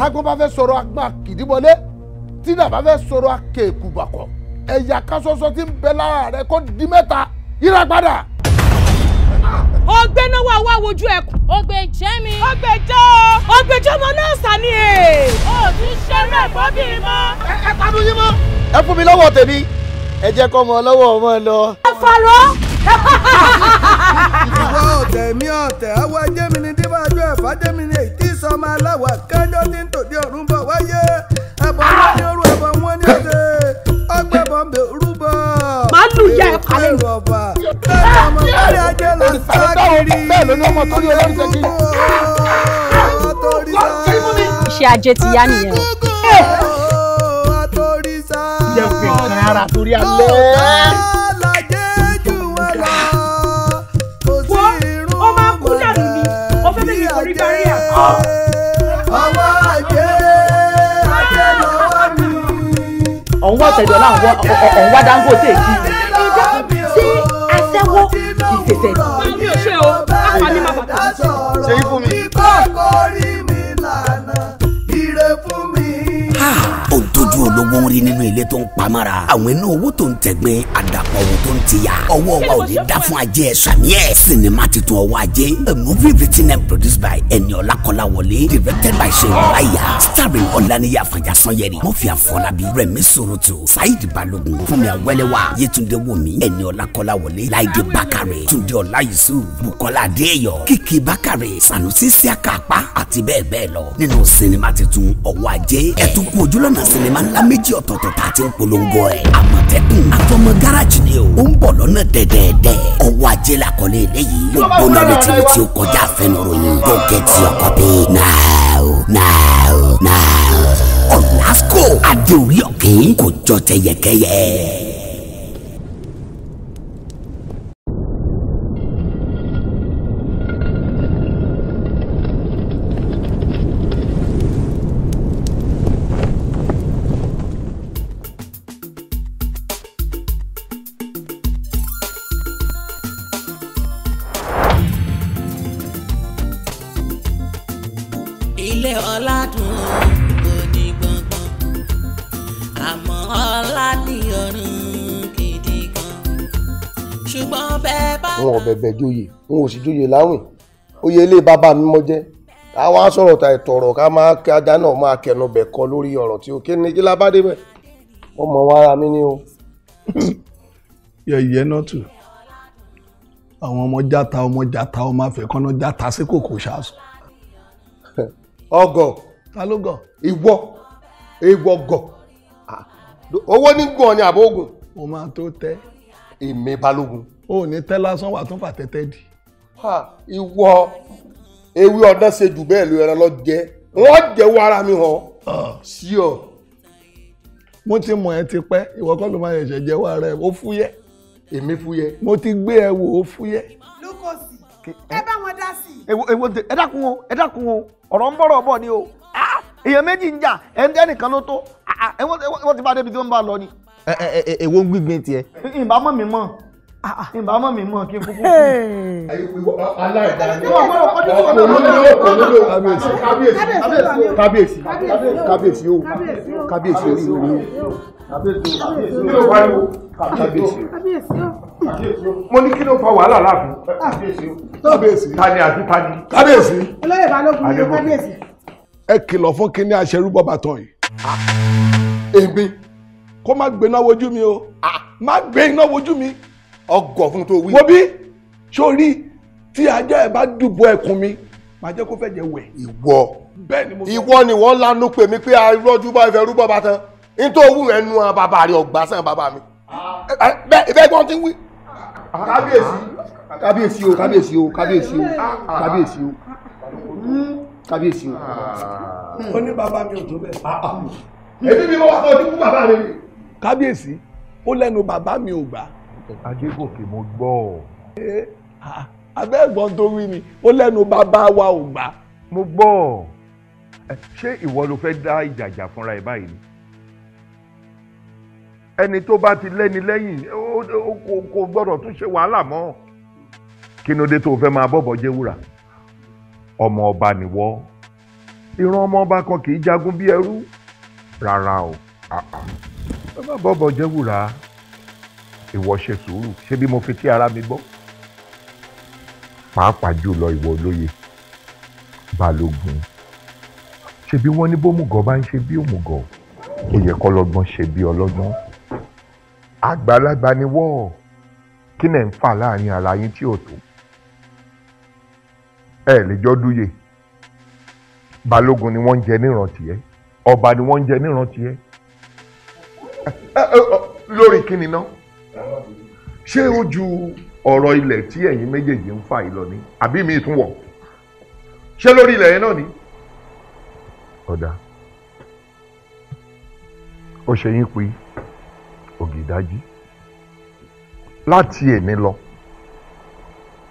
tágbọ́n bá fẹ́ sọ̀rọ̀ agbá kìdíwọlé tí nàbà fẹ́ sọ̀rọ̀ akẹ́kùbàkọ̀ ẹ̀yà kásọ̀sọ̀ tí ń bẹ lára rẹ kó di mẹ́ta yíra padà. ọgbẹ́ náà wà wá wojú ẹ̀ kù. ọgbẹ́ jẹ́ mi. ọgbẹ́ jẹ́ ọ. ọgbẹ́ náà sani ẹ̀. E. ó ti ṣe mẹ́fọ́ bí i mọ́. ẹ ẹ yín mọ́. ẹ fún mi lọ́wọ́ tèmi ẹ jẹ́ kọ́ ọmọ lọ́wọ́ ọmọ lọ. ẹ farọ́. ìwọ ọ̀tẹ̀ mi ọ̀tẹ̀ awọ ajé ni ọmọ aláwa kánjọ́ tí ń tòde ọ̀run bọ̀ wáyé ẹbọ wọn ní orú ẹbọ wọn ní ọdẹ ọgbẹ́ bọ̀m̀bẹ̀ rúbọ. màá lù yá ẹ pàlẹ́ mi. bẹ́ẹ̀ ọmọ kárí ajé lọ sákìrì ìlú iṣẹ́ ajé ti yá nìyẹn o. jẹ́ fi kan ara torí alẹ́. Oh! ọ̀hún wá ọ̀sẹ̀ dọ́là ọ̀hún wá Dangote kí. ìjọ sí aṣẹ́wó ìfẹ̀fẹ̀. mi ò ṣe o a pa ní ma bàtà. ṣe é mi. tójú olówó ń rí nínú ilé tó ń pamọ́ra àwọn inú owó tó ń tẹ̀gbìn àdàpọ̀ owó tó ń tìyà ọwọ́ wa ò ní dá fún ajé ẹ̀ sàmì ẹ̀ sinimá ọwọ́ ajé a movie written and produced by Eniola Kọ́láwọlé directed by Ṣeun Láyà starring Ọláníyà Fàjà Sanyẹri Mọ́fíà Fọlábí Rẹ̀mí Sòròtò Saheed Balógun Fúnmi Awẹ́lẹ́wà Yétúndé Wòmí Eniola Kọ́láwọlé Láìdé Bakare, Túndé Ọlá Yusuf Bùkọ́lá Adéyọ̀ Kìkì Sanusi Sànúsí Síàkàpá àti bẹ́ẹ̀ bẹ́ẹ̀ lọ nínú sinimá titun ọwọ́ ajé ẹ̀tún kú ojúlọ́nà sinimá n ńlá méjì ọ̀tọ̀ọ̀tọ̀ tá a ti ń polongo ẹ̀. àmọ̀tẹ́kùn àtọmọ gáràjì ni o. ó ń bọ̀ lọ́nà dẹ̀dẹ̀dẹ̀. ọwọ́ ajé la kọ́lé eléyìí. gbogbo náà lè ti ti o kọjá àfẹnuròyìn. go get your copy now now now. ọ̀nà àsìkò adéorí ọ̀kẹ́ kò jọ tẹ̀yẹ̀kẹ́yẹ̀. aláwìn oyè ilé bàbá mi mọ jẹ ká wá sọ̀rọ̀ ta ìtọ̀rọ̀ ká máa kí ajá náà máa kẹnu bẹ̀ kọ lórí ọ̀rọ̀ tí o kí ni kí lábá débẹ̀ mo mọ̀ wá ara mi ní o. yẹ̀yẹ́ náà tù àwọn ọmọ jata ọmọ játa ọmọ afẹ́kọ́nà játa sí kòkò ṣáàṣù. ọgọ ta ló gọ. ìwọ ìwọ gọ owó ní gùn ọ ní àbógun. o máa tó tẹ. èmi balógun. o ò ní tẹ́ lásán wà tún fàtẹ́tẹ́ di ìwọ ewé ọdán ṣe jù bẹ́ẹ̀ ló ẹran lọ jẹ wọ́n jẹ́wọ́ ara mi hàn sí ah. ọ. mo ti mọ̀ ẹ́ tipẹ́ ìwọ kọ́ ló máa ṣẹ̀ṣẹ̀ jẹ́wọ́ ara ẹ̀ ó fúyẹ́. èmi fúyẹ́. mo ti gbé ẹ wò ó fúyẹ́. lókòsì ẹ bá wọn dá sí i. èwo ẹ dákun o ẹ dákun o ọ̀rọ̀ ń bọ̀rọ̀ bọ̀ ni o ah, èèyàn méjì ń jà ẹnìkan ló tó ah, wọ́n ti bá débi tí wọ́n bá lọ ni. èwo ń gbígbé tiẹ̀. ìbámu mi mọ̀ ìbámu mi mọ̀ kí n kúkú kú. kábíyèsí kábíyèsí kábíyèsí o mi mo ní kí ló fa wàhálà láàfin kábíyèsí tani àti tani kábíyèsí olóyè balógun ni kábíyèsí. ẹ kìlọ̀ fún kínní aṣerúbọ bàtọ̀ yìí èmi kó má gbéná wojú mi o má gbé iná wojú mi ọgọ fún tó wí. wo bí sórí tí ajá ẹ bá dùbọ ẹkùn mi màá jẹ́ kó fẹ́ jẹ wẹ̀. ìwọ ìwọ ni wọ́n lanu pè mí pé arọ́jú bá ìfẹ́ rúbọ bá tán nítorí òwú rẹ̀ nu bàbá rẹ̀ ọ̀gbà sàn bàbá mi. Ah. Eh, bẹ́ẹ̀ gbọ́n ti wí. Ah. kábíyèsí kábíyèsí o kábíyèsí o kábíyèsí o kábíyèsí o hmm, kábíyèsí o. Ah. Hmm. ó ní bàbá mi ò tó bẹ́ẹ̀. èmi ni mo wá sọ ojú fún bàbá mi. kábíyèsí ó lẹ́nu bàbá mi ò gbà. Adégòkè mo gbọ́ ọ. Ah, abẹ́gbọ́n tó wí ni ó lẹ́nu bàbá wa ò gbà. mo gbọ́ ọ ṣé ìwọ ló fẹ́ dá ìjàjà fúnra ẹ báyìí ni ẹni tó bá ti lẹ́ni lẹ́yìn kò gbọ́dọ̀ tún ṣe wàhálà mọ́ kí ni ó dé tó o fẹ́ máa bọ́bọ̀ jẹ́ wúrà ọmọ ọba nìwọ ìran ọmọ ọba kan kì í jagun bí ẹrú rárá o ah, ah. ẹ má bọ́bọ̀ jẹ́ wúrà ìwọ ṣe sùúrù ṣé bí mo fi tí ara mi gbọ́ pàápàá jùlọ ìwọ olóye balógun ṣe bí wọ́n ní bómùgọ̀ bá ń ṣe bí òmùgọ̀ ó yẹ kọ́lọ́gbọ́n ṣe bí ọlọ́gbọ́n àgbàlagbà ni wọ́ọ̀ kí nẹ̀ ń fà láàrin ara yín tí ò tó ẹ lè jọ dúye balógun ni wọ́n ń jẹ nírántí ẹ ọba ni wọ́n ń jẹ nírántí ẹ lórí kí ni náà ṣé ó ju ọ̀rọ̀ ilẹ̀ tí ẹ̀yin méjèèjì ń fà yìí lọ ni àbí mi tún wọ̀ ṣé lórí ilẹ̀ yẹn náà ni. ọ̀dà ó ṣe yín pé ògìdájí láti èmi lọ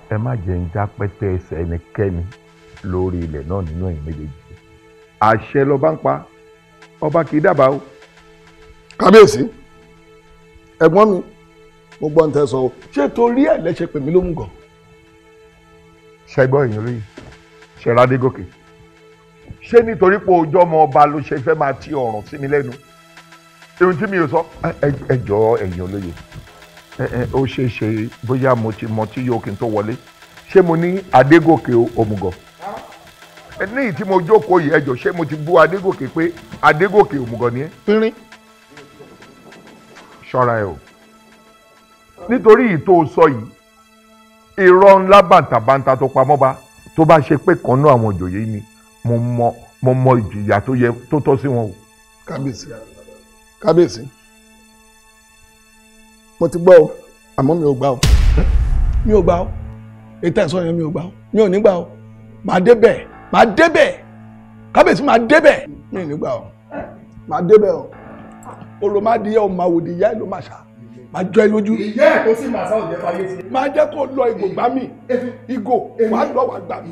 ẹ má jẹ́ ń já pẹ́tẹ́ ẹsẹ̀ ẹnikẹ́ni lórí ilẹ̀ náà nínú ẹ̀yin méjèèjì àṣẹ lọ́ba ń pa ọba kì í dábàá o. kábíyèsí ẹ̀gbọ́n mi mo gbọ́ ń tẹ́ sọ o ṣé torí ẹ̀ lẹ́sẹ̀ pè mí lómùgọ̀. ṣe gbọ́ èèyàn lóye ṣe ra Adégòkè ṣé nítorí pé ojú ọmọ ọba ló ṣe fẹ́ máa ti ọ̀ràn sí mi lẹ́nu irun tí mi ò sọ ẹ jọ̀ọ́ èèyàn lóye ó ṣe é ṣe bóyá mo ti mọ tí yóò kí n tó wọlé ṣé mo ní Adégòkè òmùgọ̀ ní ìtí mo jókòó yìí ẹjọ ṣé mo ti bú Adégòkè pé Adégòkè òmùgọ̀ ni ẹ. pínrín. ẹ o nítorí ìtò sọ yìí irọ́ ńlá bàǹtàbàǹtà tó pamọ́ ba tó bá ṣe pé kan náà àwọn ìjòyè ni mo mọ mo mọ ìjìyà tó yẹ tó tọ́ sí wọn o. kábíyèsí kábíyèsí mo ti gbọ́ o àmọ́ mi ò gbà o mi ò gbà o ètò ẹ̀sọ́ yẹn mi ò gbà o mi ò ní gbà o màá débẹ̀ màá débẹ̀ kábíyèsí màá débẹ̀ mi ò ní gbà o màá débẹ̀ o olùmọ̀dìyẹ ò máa wòdìyẹ ló máa ṣá máa jọ ẹ lójú. ìyá ẹ kó sì máa sá òjẹ fàyè sí. máa jẹ́ kó lọ ìgò gbá mi ìgò wàá lọ wàá gbà mí.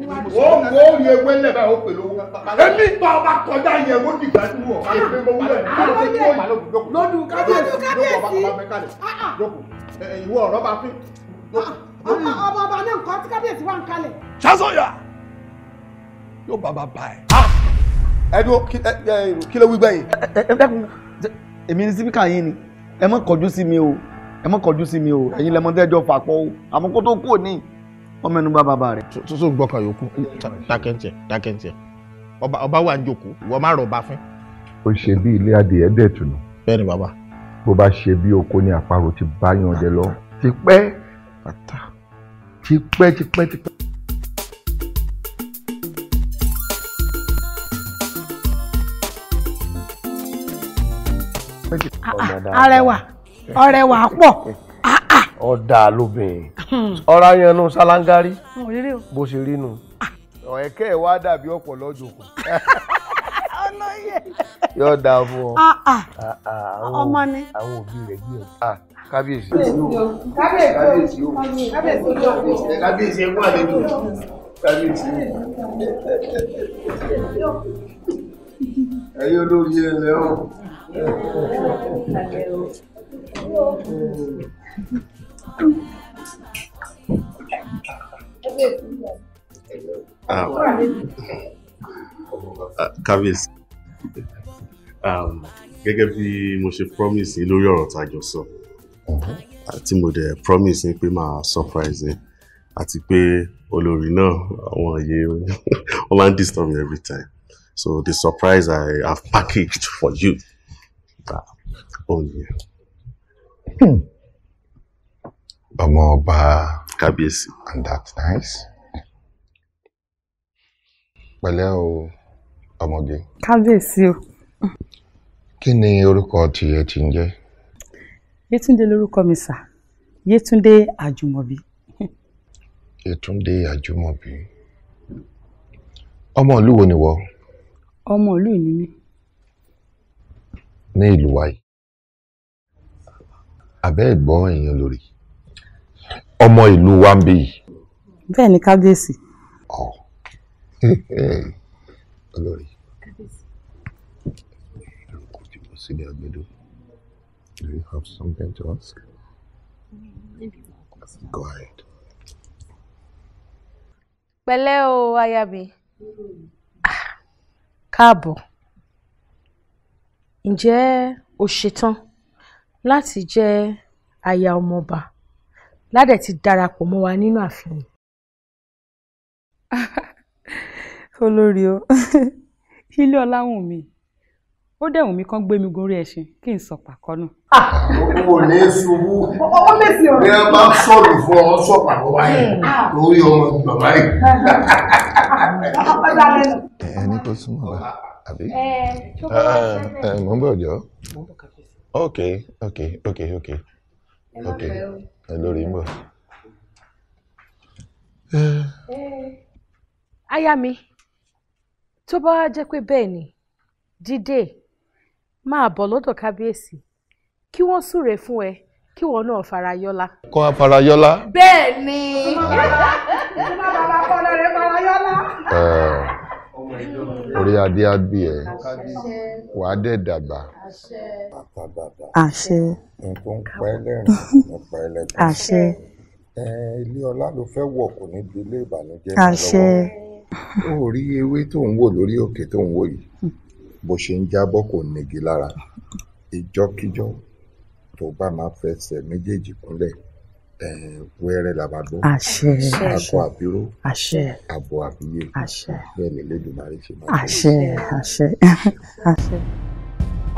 ìwọ ó kó yẹ wẹ́lẹ̀ báyìí ó pè lówó. èmi bá ọba kọjá yẹ wó dìgbà tí wọ̀. èmi mo wúlò ní lọ́dún kábíyèsí. Ah, ah. ìwọ ọ̀rọ̀ bá fi. Ah, ọmọ ọba náà nǹkan tí kábíyèsí wà ń kalẹ̀. ṣàṣọyà yóò bá bàbá ẹ. ẹ dúró kí ló wí gbẹ̀yìn. ẹ ẹ ẹ èmi ni síbíkà yín ni ẹ má kọjú sí mi o ẹ má kọjú sí mi o ẹ̀yin lẹ́mọ tẹ́jọ́ fàpọ̀ o àmọ́ kó tó kú òní wọ́n mẹ́nu bá bàbá rẹ̀. soso gbọ́kàn yòókù dákẹ́ntì dákẹ́ntì ọba wà ń jòkó ìwọ má rọ̀ bá fín. ó ṣe bí ilé adìẹ dẹ̀ tùnú. bẹ́ẹ̀ ni bàbá. bó bá ṣe bí oko ni àparò ti bá yan ọdẹ lọ tipẹ́ tipẹ́ tipẹ́ tipẹ́. Ah, ah, arẹwà ọrẹwà pọ̀ ọ̀dà ah, lóbìnrin ọ̀rá yẹn nu ṣáláńgárí bó ṣe rí nu ẹ̀kẹ́ ẹ̀ wá dàbí ọ̀pọ̀ lọ́jọ́kù yóò dà fún ọ ọmọ ni àwọn òbí rẹ̀ gbé ọ kábíyèsí. kábíyèsí o kábíyèsí ẹkún àlejò kábíyèsí ẹyọ lórí ẹ lẹ́wọ̀n. Ah, Kavis. Um, kábíyèsí gẹ́gẹ́ bí mo ṣe promise yín lórí ọ̀rọ̀ tá a jọ sọ uh-huh. tí mo dẹ̀ promise yín pé máa surprise yín àti pé olórí náà àwọn àyè wọn máa ń disturb me every time so the surprise I have packaged for you mẹ́ta oyè hmm. ọmọ ọba kábíyèsí and that's nice pẹ̀lẹ́ o ọmọge. kábíyèsí o. kí ni orúkọ tìyẹ ti ń jẹ́. yétúndé lórúkọ mi sà yétúndé àjùmọ̀bí. yétúndé àjùmọ̀bí ọmọ ìlú wo ni wọ. ọmọ ìlú ni mí ní ìlú wa yìí àbẹ́ ẹ̀gbọ́n èèyàn lórí ọmọ ìlú wa ń bí yìí. bẹ́ẹ̀ ni kábíyèsí. ọ olórí do you have something to ask? go ahead. pẹ̀lẹ́ o aya mi káàbọ̀ ǹjẹ́ o ṣetán láti jẹ́ aya ọmọọba ládé ti darapọ̀ mọ́ wa nínú ààfin yìí. olórí o ilé ọláwùnmí ó dẹ̀ wùn mí kán gbé mi gorí ẹṣin kí n sọ pàkọ́ nù. o ò ní ṣubú bí ẹ bá sọ̀rọ̀ fún ọ sọ pàkọ́ wáyé ah. lórí ọmọ bàbá yìí. ẹni tó súnmọ́ wa àbí. mo ń bọ̀ jọ. ok ok ok ok ok ẹ lórí ń bọ̀. aya mi tó bá jẹ́ pé bẹ́ẹ̀ ni dídé máa bọ̀ lọ́dọ̀ kábíyèsí kí wọ́n súre fún ẹ kí wọn náà farayọlá. kọ́ a farayọlá. bẹ́ẹ̀ ni eh. ọmọ bàbá kọ́ lọ́rẹ́ farayọlá orí adé á bì ẹ́ wàá dẹ̀ dàgbà. àṣẹ. ní tó ń pẹ́ lẹ́rìn ní pẹ́ lẹ́kọ̀ọ́. àṣẹ. ilé ọlá ló fẹ́ wọ̀ kò ní di ilé ìbànújẹ́ lọ́wọ́. àṣẹ. ó rí ewé tó ń wò lórí òkè tó ń wò yìí bó ṣe ń jábọ́ kò nígi lára ìjọ́kíjọ́ tó bá máa fẹsẹ̀ méjèèjì kúnlẹ̀ wẹ́rẹ́ làbàdún akọ àbíró àbọ àbíyè bẹ́ẹ̀ ni lẹ́dùnmáà ṣe máa ṣe.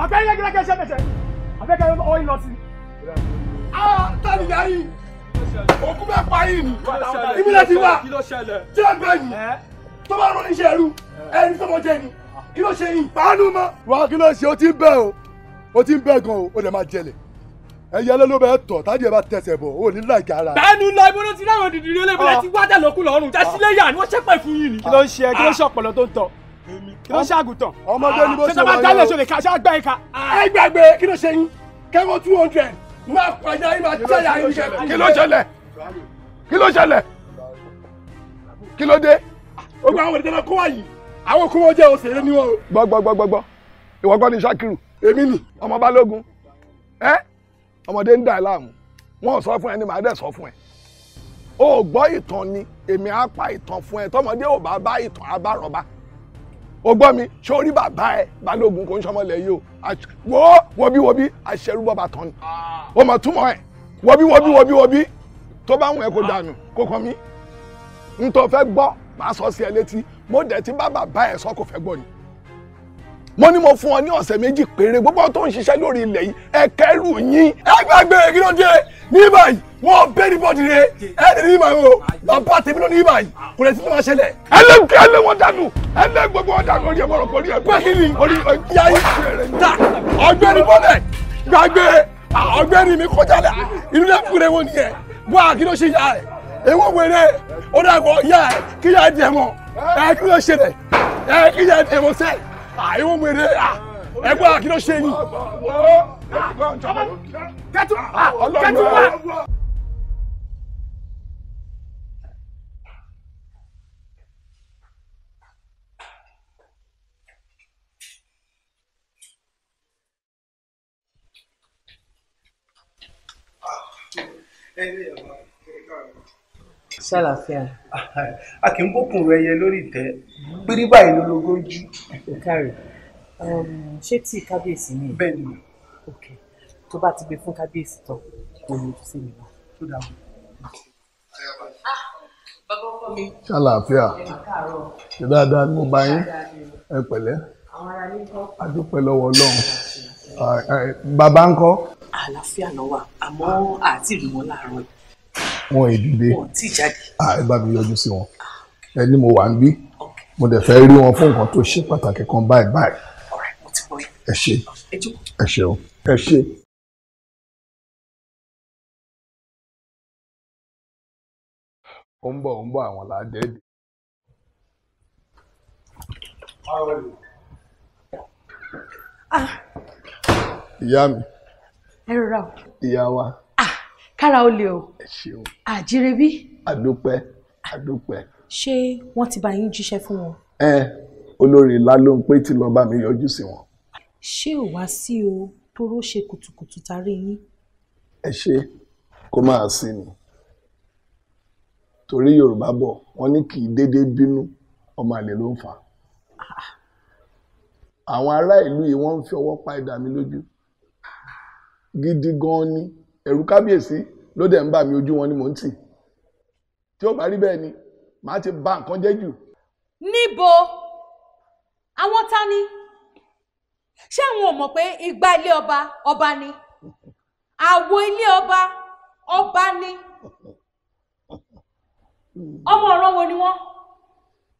ọ̀pẹ ilé gẹ́gẹ́ ṣẹ́fẹ̀ṣẹ́ àfẹ́kẹ́ ọwọ́ ìlọ sí. Ah, tani yari òkú bẹ́ẹ̀ pa yìí ni ibi láti wá tí a gbẹ yìí tó bá rọ níṣẹ́ ẹrú ẹni tó mọ jẹ ni kí ló ṣe yìí. pàánù mọ́. wàá kí ló ṣe o ti ń o o ti ń gan o o dẹ̀ máa jẹlẹ̀ ẹyẹ ló ló bẹ tọ tájú ẹ bá tẹsẹ̀ bọ̀ ó ní láìka ara. bẹ́ẹ̀ni lọ ibo ti ráwọn dìdì lé ah. lẹbílẹ tí wájà lọkùn lọrùn jásílẹ yà ni wọn ṣẹpẹ fún yìí ni. kí ló ń ṣe kí ló ń ṣe ah. ọpọlọ tó ń tọ kí ló ń ṣe àgùntàn. ọmọdé ni bó ṣe wáyé o ṣé bá dálẹ̀ ṣe lè ka ṣé ẹ gbàgbé kí ló ṣe yín kẹ́kọ̀ọ́ two hundred máa pàjá yín máa tẹ̀yà yín kẹ́kọ̀ọ́. kí ló ṣẹlẹ̀ kí ló ṣẹlẹ̀ kí ló dé. o gba àwọn ọmọdé ń dà ẹ́ láàmú wọ́n sọ fún ẹ ni màá dẹ̀ sọ fún ẹ o gbọ́ ìtàn ni èmi á pa ìtàn fún ẹ tọmọdé ò bá bá ìtàn abárọba o gbọ́ mi sórí bàbá ẹ balógun kò ń sọmọlẹ̀ yìí o wo wọbí wọbí aṣẹrúbọba tán ni o mọ̀ túmọ̀ ẹ wọbí wọbí wọbí wọbí tó bá wùn ẹ kó dànù kó kàn mí n tó fẹ́ gbọ́ màá sọ sí ẹ létí mo dẹ̀ ti bá bàbá ẹ sọ kó fẹ́ gbọ́ ni mo ní mo fún ọ ní ọ̀sẹ̀ méjì péré gbogbo tó ń ṣiṣẹ́ lórí ilẹ̀ yìí ẹ kẹ́rù yín. ẹ gbàgbé kí ló dé ní báyìí wọn bẹ́ẹ̀ ní bọ́ọ̀dì rẹ ẹ lè ní ìmọ̀ o bàbá tèmi ló ní ìmọ̀ yìí kò lè ti máa ṣẹlẹ̀. ẹ lé ẹ lé wọn dànù ẹ lé gbogbo wọn dànù orí ẹ bọ̀rọ̀ pẹ̀lú ẹ pé kí ni orí ìyá yìí ọ̀gbẹ́ni bọ́lẹ̀ gbàgbé ọ̀gbẹ́ni mi kọjá lẹ inú lẹ́kùnrin wọn nìyẹn bọ́ àkínó ṣe yá rẹ̀ ewo wẹrẹ o da ko ya kí ya dẹ mọ ẹ kí ló ṣe dẹ ẹ kí ya dẹ mọ sẹ àìwọ̀n wèrè à ẹgbẹ́ wa kí ṣe yín. kẹtù wa ṣàlàfíà. a kì í bókun rẹ yẹ lórí ìtẹ́ pírí báyìí ló lógó jù. o káre um, ṣé tí kábíyèsí ni. bẹ́ẹ̀ ni. ok tó bá ti gbé fún kábíyèsí tán kò ní sí mi náà. tó dà mí. bàbá ọkọ mi. ṣàlàfíà ṣe dáadáa ni mo bá yín ẹ pẹ̀lẹ́ a dúpẹ́ lọ́wọ́ Ọlọ́run bàbá ńkọ́. àlàáfíà ló wà àmọ́ àti ìlú wọn láàárọ̀ yìí wọn ìdílé ẹ bá mi yọjú sí wọn ah, ẹ ní mo wà ń bí mo dẹ̀ fẹ́ rí wọn fún nǹkan tó ṣe pàtàkì kan báyìí báyìí ẹ ṣe ẹ ṣeun ẹ ṣe. ó ń bọ̀ ó ń bọ̀ àwọn làádẹ́ẹ̀dẹ́. Ah. ìyá mi. o. ìyá wa kára ó lè o àjírẹ́bí. àdúpẹ́ àdúpẹ́. ṣé wọ́n ti bá yín jíṣẹ́ fún wọn. ẹ olórí ńlá ló ń pé tí lọ́ọ́ bá mi yọjú sí wọn. ṣé ò wá sí o toró ṣe kùtùkùtù tarí yín. ẹ ṣe kó máa sí ni torí yorùbá bọ̀ wọ́n ní kì í déédéé bínú ọmọ àlè ló ń fà àwọn ará ìlú yìí wọ́n ń fi ọwọ́ pa ìdá mi lójú gidi gan ni ẹ̀rù kábíyèsí ló dẹ̀ ń bà mí ojú wọn ni mò ń tì tí ó bá rí bẹ́ẹ̀ ni màá ti bà nǹkan jẹ́ jù. níbo àwọn ta ni ṣé àwọn ò mọ̀ pé igba ilé ọba ọba ni àwo ilé ọba ọba ni ọmọ ọ̀ràn wo ni wọ́n.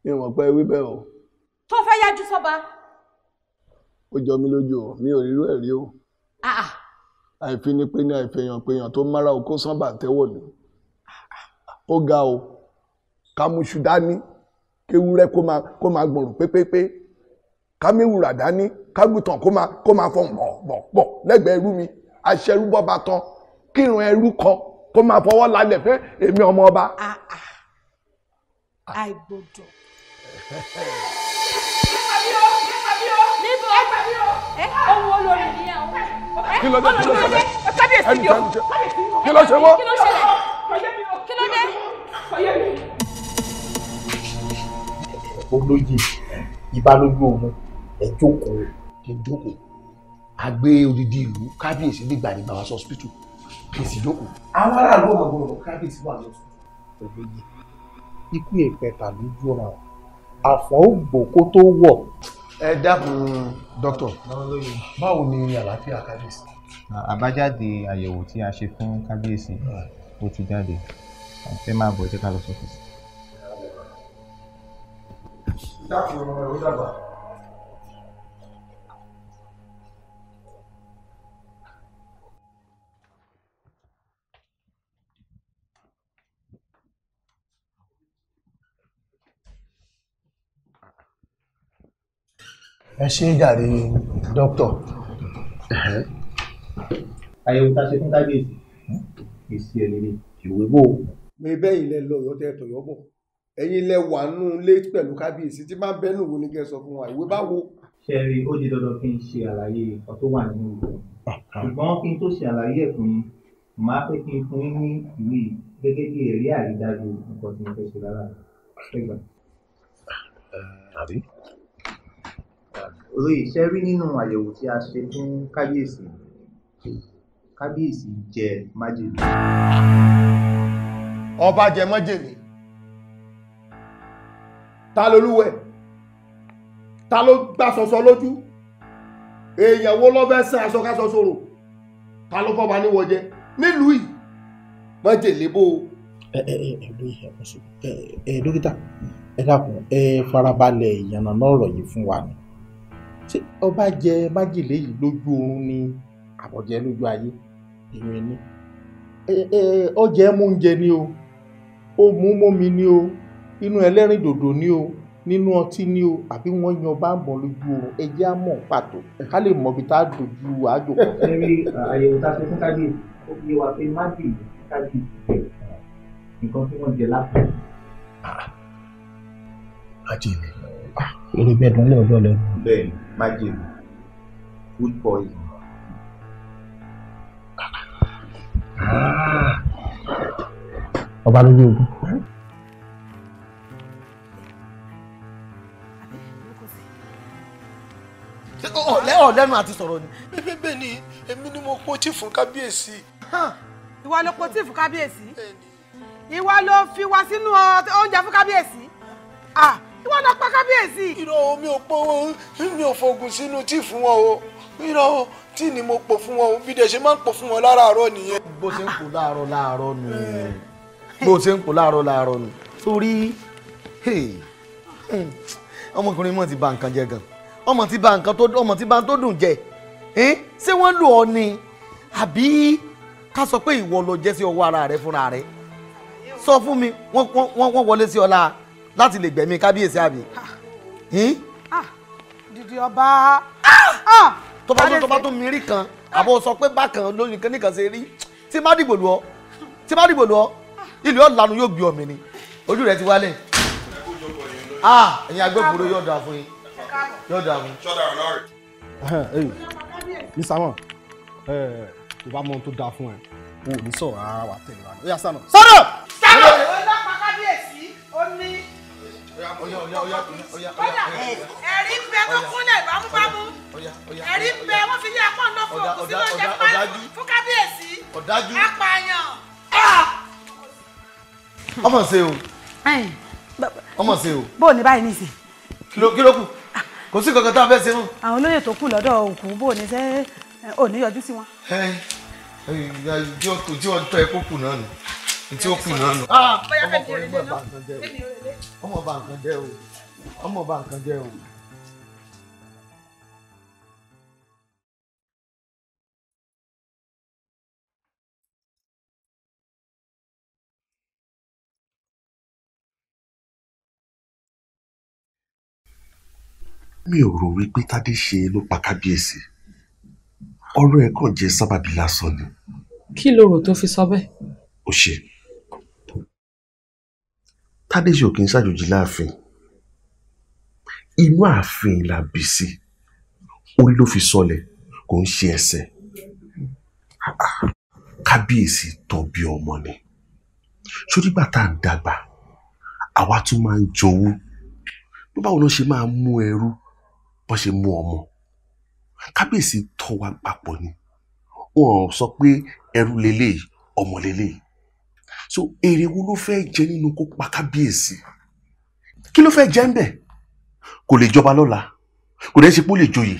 mi ò mọ̀ pé wí o. tó fẹ́ yájú sọ́ba. ó jọ mí lójú o mi ò rírú ẹ̀ rí o. Ah ah àìfinipéni àìfẹ̀yànpéyàn tó mára okó sánbà tẹ́wọ̀ ni ó ga o kàmúṣu dání kéwúrẹ́ kó máa gbọ̀rùn pépépé kámẹ́wùrà dání kágùtàn kó máa fọ bọ̀bọ̀ lẹ́gbẹ̀ẹ́ ẹrú mi aṣẹ́rú bọ́ba tán kírun ẹrú kan kó máa fọwọ́ lálẹ̀ fẹ́ èmi ọmọ ọba. Ah, ah. àìgbọ́dọ̀. kí ló dé kí ló ṣẹlẹ̀ ẹnì kan kí ló ṣe wọ́n. kí ló ṣẹlẹ̀ kí ló dé. olóyè ìbálòjú òun ẹ jókòó kí n jókòó àgbé odidi ìlú kábíyèsí nígbà ní bàbá sọ́spítù kí n sì jókòó. àwọn aráàlú ọmọ gbọdọ kábíyèsí wà lọsùn. olóyè ikú ìpẹta lójú ọ̀ràn àfọ̀ọ́gbò kó tó wọ̀ ẹ dákun dókítà báwo ni àlàáfíà kábíyèsí. àbájáde àyẹ̀wò tí a ṣe fún kábíyèsí ó ti jáde ẹ máa bọ̀ ẹ jẹ́ ká lọ sọ́fíìsì. dákun ọmọ ẹ̀ ó dàgbà. ẹ ṣe é jàre dókítà. àyẹ̀wò tá a ṣe fún kábíyèsí kì í ṣe ẹni ní ìwé bò. mi bẹ́yìn lẹ lọ ọ̀yọ́ tẹ́ tọ̀yọ́ bọ̀ ẹ̀yin lẹ wà nù lé pẹ̀lú kábíyèsí tí máa ń bẹ́nu wo ni kẹ́ ẹ sọ fún wa ìwé bá wo. ṣe rí ó di dandan kí n ṣe àlàyé nǹkan tó wà nínú ìwé ah, ah. ṣùgbọ́n kí n tó ṣe àlàyé ẹ̀ fún yín màá pé kí n fún yín ní ìwé gẹ́gẹ́ bí ẹ̀rí àrídájú nǹkan tí mo fẹ́ ṣe lára rẹ̀. olóyè ṣe rí nínú àyẹ̀wò tí a ṣe fún kábíyèsí kábíyèsí jẹ májèlé. ọba jẹ májèlé ta lolúwẹ̀ ta ló sọsọ lójú èèyàn wo ló fẹ́ sẹ́ aṣọkáṣọ sòrò ta ló fọba níwọ̀ nílùú yìí májèlé bó ẹ ẹ dókítà ẹ dákun ẹ farabalẹ̀ ìyànnà náà ọ̀rọ̀ yìí fún wa ni. ṣé ọba jẹ májèlé yìí lójú oorun ni àbọ̀jẹ lójú ayé èmi ni ọjẹ mú oúnjẹ ni o ó mú mómi ni o inú ẹlẹ́rìn dòdò ni o nínú ọtí ni o àbí wọ́n yan bá mọ̀ lójú oorun ẹjẹ́ á mọ̀ pàtó ká lè mọ̀ bí tá a dojú àjò kan. ẹ rí àyẹ̀wò tá a ṣe fún kábíyèsí ó fi wá pé májèlé kábíyèsí nǹkan tí wọ́n jẹ lásán. Ah, májèlé irú ah, bẹ́ẹ̀ dán lé ọjọ́ lẹ́nu bẹ́ẹ̀ ni májèlé food poison. ọba lójú ogun. ọ̀lẹ́ ọ̀lẹ́nu àti sọ̀rọ̀ ni. bẹ́ẹ̀ ni èmi ni mo pọ́ tí fún kábíyèsí. ìwà ló pọ́ tí fún kábíyèsí ìwà ló fi wá sínú uh, oúnjẹ fún kábíyèsí. Ah, ìwọ náà pa kábíyèsí. irọ́ o mi ò pọ́wọ́ mi ò fògùn sínú tíì fún wọn o irọ́ o tíì ni mo pò fún wọn o bí dẹ̀ ṣe máa ń pò fún wọn láràárọ̀ nìyẹn. bó ṣe ń pò láàárọ̀ láàárọ̀ nù bó ṣe ń pò láàárọ̀ láàárọ̀ nù torí ọmọkùnrin mọ̀ ti bà nǹkan jẹ́ gan ọmọ ti bà nǹkan tó ọmọ ti bà tó dùn jẹ́ ṣé wọ́n lù ọ ni àbí ká sọ pé ìwọ ló jẹ́ sí ọwọ́ ara rẹ fúnra rẹ sọ fún mi wọ́n wọlé sí ọ lára láti lè gbẹ̀mí kábíyèsí àbí. Hmm? dìdì ọba. Ah! tó bá tó tó bá tó mìírí kan ah. àbọ̀ sọ pé bákan lónìí kan nìkan ṣe rí tí má dìbò lù ọ́ tí má dìbò lù ọ́ ìlú ah. ọ̀lànà yóò gbé ọ̀mì ni ojú rẹ̀ ti wálẹ̀ ẹ̀yin agbẹ́bùrú yóò dà fún yín yóò dà fún yín. ní sámọ tó bá mọ ohun tó dáa fún ẹ o ò ní sọ̀rọ̀ ara wa tẹ̀lé wa ní ó yà sànà. sọ̀rọ̀ sọ̀rọ̀. kódà ẹ̀rí ń bẹ tó kúnlẹ̀ bámúbámú ẹ̀rí ń bẹ wọ́n fi yé apá ọ̀nà fún òkú sí lóúnjẹ fún kábíyèsí apààyàn. Ah! ọmọ ṣe o ọmọ ṣe o. bó o ní báyìí nìsín. kí ló kù kò sí kankan tá a fẹ́ ṣe mọ́. àwọn olóyè tó kù lọ́dọ̀ òkú bó o ní sẹ́ ò ní yọjú sí wọn. ojú ọjọ́ ẹ kó kù náà nù tí ó kù náà nù. ọmọ bá nǹkan jẹ́ o ọmọ bá nǹkan jẹ́ o. mi ò rò wípé tádé ṣe ló pa kábíyèsí ọ̀rọ̀ ẹ̀ kàn jẹ́ sábàbí lásán ni. kí lo rò tó fi sọ bẹ́ẹ̀. ó ṣe tádé ṣe ò kí ń ṣàjòjì láàfin inú ààfin la bí sí orí ló fi sọlẹ̀ kò ń ṣe ẹsẹ̀ kábíyèsí tọ́bi ọmọ ni sódígbà tá à ń dàgbà àwa tún máa ń jowú bí báwo ló ṣe máa mú ẹrú bó ṣe mú ọmọ kábíyèsí tọ́ wa papọ̀ ni wọn ò sọ pé ẹrú leléyìí ọmọ leléyìí so èrè wo ló fẹ́ jẹ nínú kó pa kábíyèsí kí ló fẹ́ jẹ ń bẹ̀ kò lè jọba lọ́la kò dẹ́ ṣe pé ó lè joyè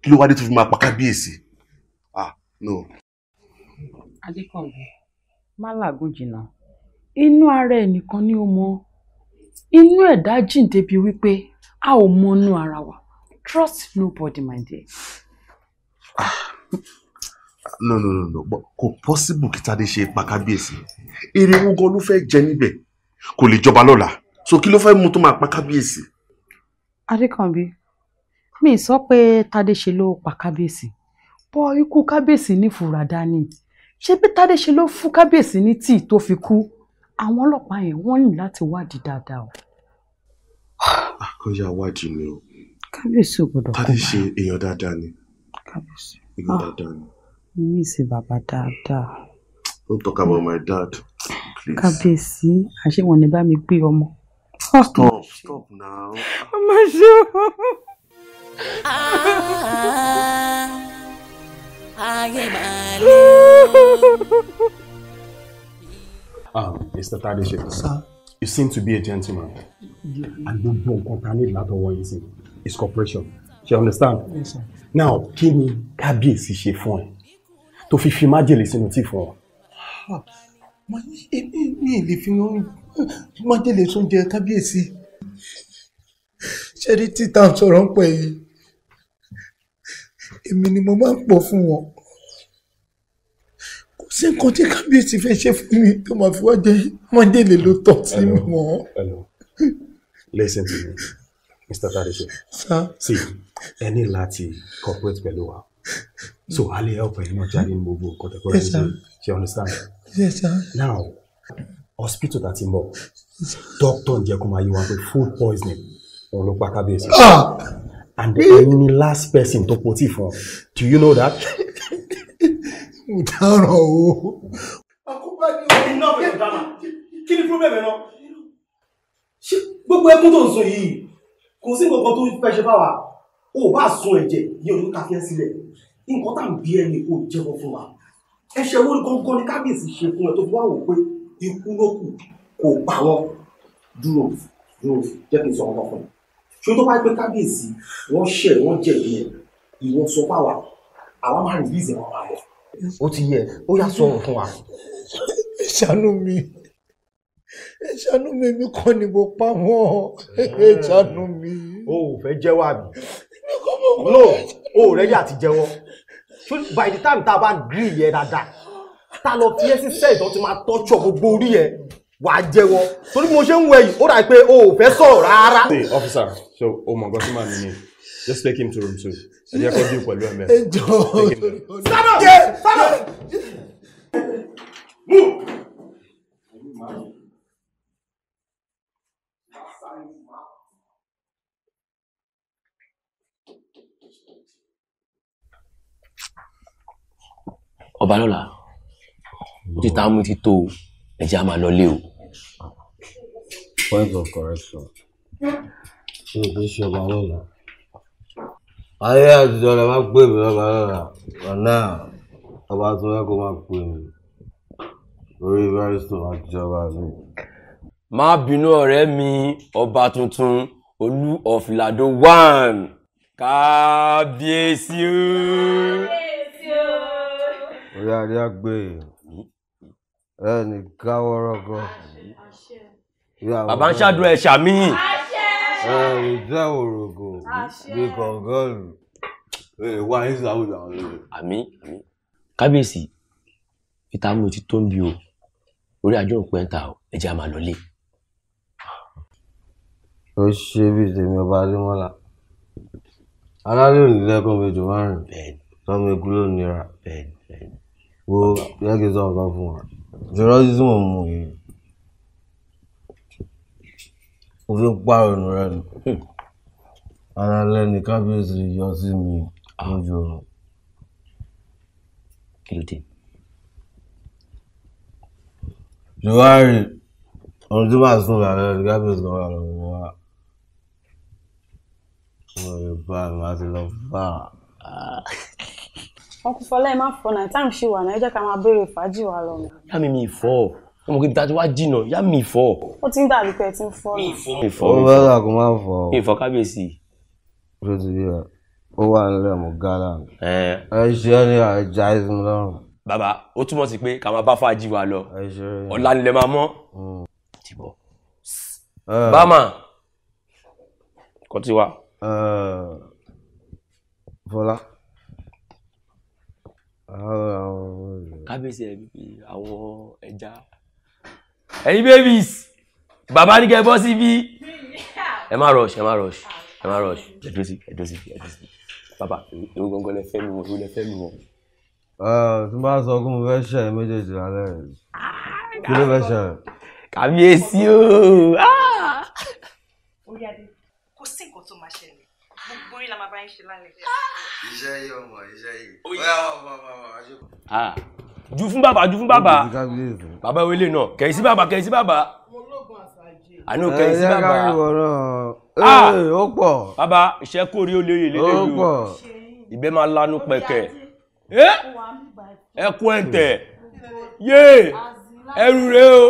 kí ló wá dé tó fi máa pa kábíyèsí. ah no. adékọ̀wé má làágùn jìnnà inú ara ẹ̀ nìkan ni ó mọ inú ẹ̀dá jìn débi wípé a ò mọ inú ara wa trust nobody my dear. ah no no no no kò possible kí tade ṣe pa kábíyèsí eré wọn gan ló fẹ́ jẹ níbẹ̀ kò lè jọba lọ́la so kí ló fẹ́ mú tó máa pa kábíyèsí adékànbí mi ì sọ pé tádé ṣe ló pa kábíyèsí bọ ikú kábíyèsí ní fura dání ṣé bí tádé ṣe ló fún kábíyèsí ní tíì tó fi kú àwọn ọlọ́pàá yẹn wọ́n ní láti wádìí dáadáa o. àkọyà wádìí ni o kábíyèsí ò gbọ́dọ̀ kọ bá tádé ṣe èèyàn dáadáa ni èèyàn ah, dáadáa ni. mi ì bàbá dáadáa. don't talk about my dad please. kábíyèsí àṣé wọn ní bá mi gbé ọmọ. Stop, oh, stop now. Mama Ṣeun. Ah, máa lè. Mr. Tadeshe, sir, you seem to be a gentleman. And gbogbo nǹkan ta ní one yìí sí is cooperation. You understand? Yes, sir. Now, Kimi, ni kábíyèsí ṣe fún ẹ? Tó fi fi májèlé sínú tí fún ọ. Ah, mo ní èmi mi ì fi náà májèlé tó ń jẹ kábíyèsí ṣẹ́rí títà sọ̀rọ̀ ń pẹ̀ yìí èmi ni mo máa ń pọ̀ fún wọn kò sí nǹkan tí kábíyèsí fẹ́ ṣe fún mi tó máa fi wá jẹ májèlé ló tọ̀ sí mọ́. listen to me mr tarise see ẹ ní láti cooperate pẹ̀lú wa so a lè help ẹ̀yin náà jáde ní gbogbo nǹkan tẹ́kọ̀ọ́ she understand yes, sir. now hospital that a ti doctor ń jẹ́ kó máa yí wa pé food poisoning òun ló pa kábíyèsí. Ah! and the only last person to potí fún ọ do you know that. mo dáràn o. àkókò àti òbí náà problem náà ṣé gbogbo ẹkún tó ń sọ yìí kò sí nǹkan tó fẹ́ ṣe fáwa o bá sun ẹ̀jẹ̀ yẹ olórí káfíẹ́ sílẹ̀ nǹkan tá à ń bí ẹni kò jẹ́wọ́ fún wa ẹ̀ṣẹ̀ wo gangan ni kábíyèsí ṣe fún ẹ tó fi wá wò ikú ló kù kò pa wọn dúró dúró jẹ́ kí n sọ ọkọ̀ fún ṣé tó bá gbé kábíyèsí wọ́n ṣẹ̀ wọ́n jẹ̀bi ẹ̀ ìwọ sọ fáwa àwa máa rìlíìsì wọn máa lọ. ó ti yẹ ó yà sọ̀rọ̀ fún wa. ẹ ṣàánú mi ẹ ṣàánú mi èmi kọ́ ni mo pa wọ́n ẹ ṣàánú mi. o ò fẹ́ jẹ́wọ́ àbí. no o ò rẹ́yà àti jẹ́wọ́ by the time tá a bá gírí yẹn dáadáa tá lọ fi ẹ́sí sẹ́ẹ̀ tó ti máa tọ́jú gbogbo orí ẹ̀ wàá jẹ́wọ́ torí mo ṣe ń wẹ̀ yìí ó dà pé o ò fẹ́ sọ̀rọ̀ rárá. ṣe officer so o mọ̀ gọ́sí màmí ni just take him to room two ẹ jẹ́ kó dín pẹ̀lú ẹ̀mẹ́. sábà jẹ sábà. Ọbalọ́lá títa mú títò ẹ̀jẹ̀ á máa lọlé o. point of correction ṣé o kì ṣe ọba lọ́la ayé àtijọ́ lè má pè mí ọba lọ́la ọ̀nà ọba tó yẹ kó má pè mí lórí very soon mi. má bínú ọ̀rẹ́ mi ọba tuntun olú ọ̀fìlàdó one kábíyèsí o. orí adé àgbè ẹnì gáwọ́rọ́gọ́. bàbá ń ṣàdúrà ẹ̀ ṣàmì. ẹnì jẹ́ òrògò bí kọ̀ǹgọ́ọ̀lù wá ní sàwùjọ àwọn olóyè. àmì àmì kábíyèsí ìtààmú ti tó ń bi o orí àjọ òpin ta o ẹ jẹ́ a máa lọlé. ó ṣe bí tèmi ọba adémọlá alálẹ òní lẹkọọ méjì márùn tọmọ ikú ló nira wo yẹ kí n sọ ọkàn fún wa ìrọ́ tí mo mú yìí mo fi pààrọ̀ nù rẹ̀ nù hmm. ara lẹ́ni kábíyèsí yọ sí mi ah. lójú oorun. kí ló dé. ìwádìí ohun tí màá sùn lálẹ́ ni kábíyèsí kan wà lọ́wọ́ wa mo lè bá a máa ti lọ bá a. Ah ọkùnrin fọlá ẹ má fọ náà táàmù ṣì wà náà ẹ jẹ́ ká máa béèrè fàájì wa lọ. yá mi mi fọ ọmọ kí dájú wá jìnnà yá mi fọ. ó ti ń dàbí pé ẹ ti ń fọ náà. mi fọ mi fọ mi fọ kábíyèsí. ṣé ti rí ẹ ó wà nílẹ̀ mọ̀ gálà ẹ ṣe é ní àjà ìsinmi lọ́rùn. bàbá ó túmọ̀ sí pé ká máa bá fàájì wa lọ ọ̀la nílẹ̀ máa mọ́. Mm. bámà kò tí wà. fọlá kábíyèsí ẹ̀ fi àwọn ẹja. ẹ̀yin babies bàbá ní kẹ́ bọ́ síbí ẹ má rush ẹ má rush ẹ má rush ẹ dúró sí ẹ dúró sí ẹ dúró sí bàbá èmi gangan lẹ fẹ́ mi wọ̀ èmi lẹ fẹ́ mi wọ̀. tí n bá sọ pé mo fẹ́ ṣe ẹ méjèèjì lálẹ́ kí ló fẹ́ ṣe ẹ. kábíyèsí o. Ah! kò sí nǹkan tó máa ṣẹlẹ̀ la máa bá yín ṣe lálẹ́. iṣẹ́ yìí ọmọ iṣẹ́ yìí. bóyá ọmọ ọmọ ọmọ àjọ. ju fún bàbá ju fún bàbá bàbá wẹlé náà kẹ̀yìn sí bàbá kẹ̀yìn sí bàbá. àánú kẹ̀yìn sí bàbá. ó pọ̀. bàbá iṣẹ́ kórè ó léyè lélẹ́yìn o. ó pọ̀. ìbẹ́ máa lanu pẹ̀kẹ̀. ẹ kú yé ẹrù rẹ o.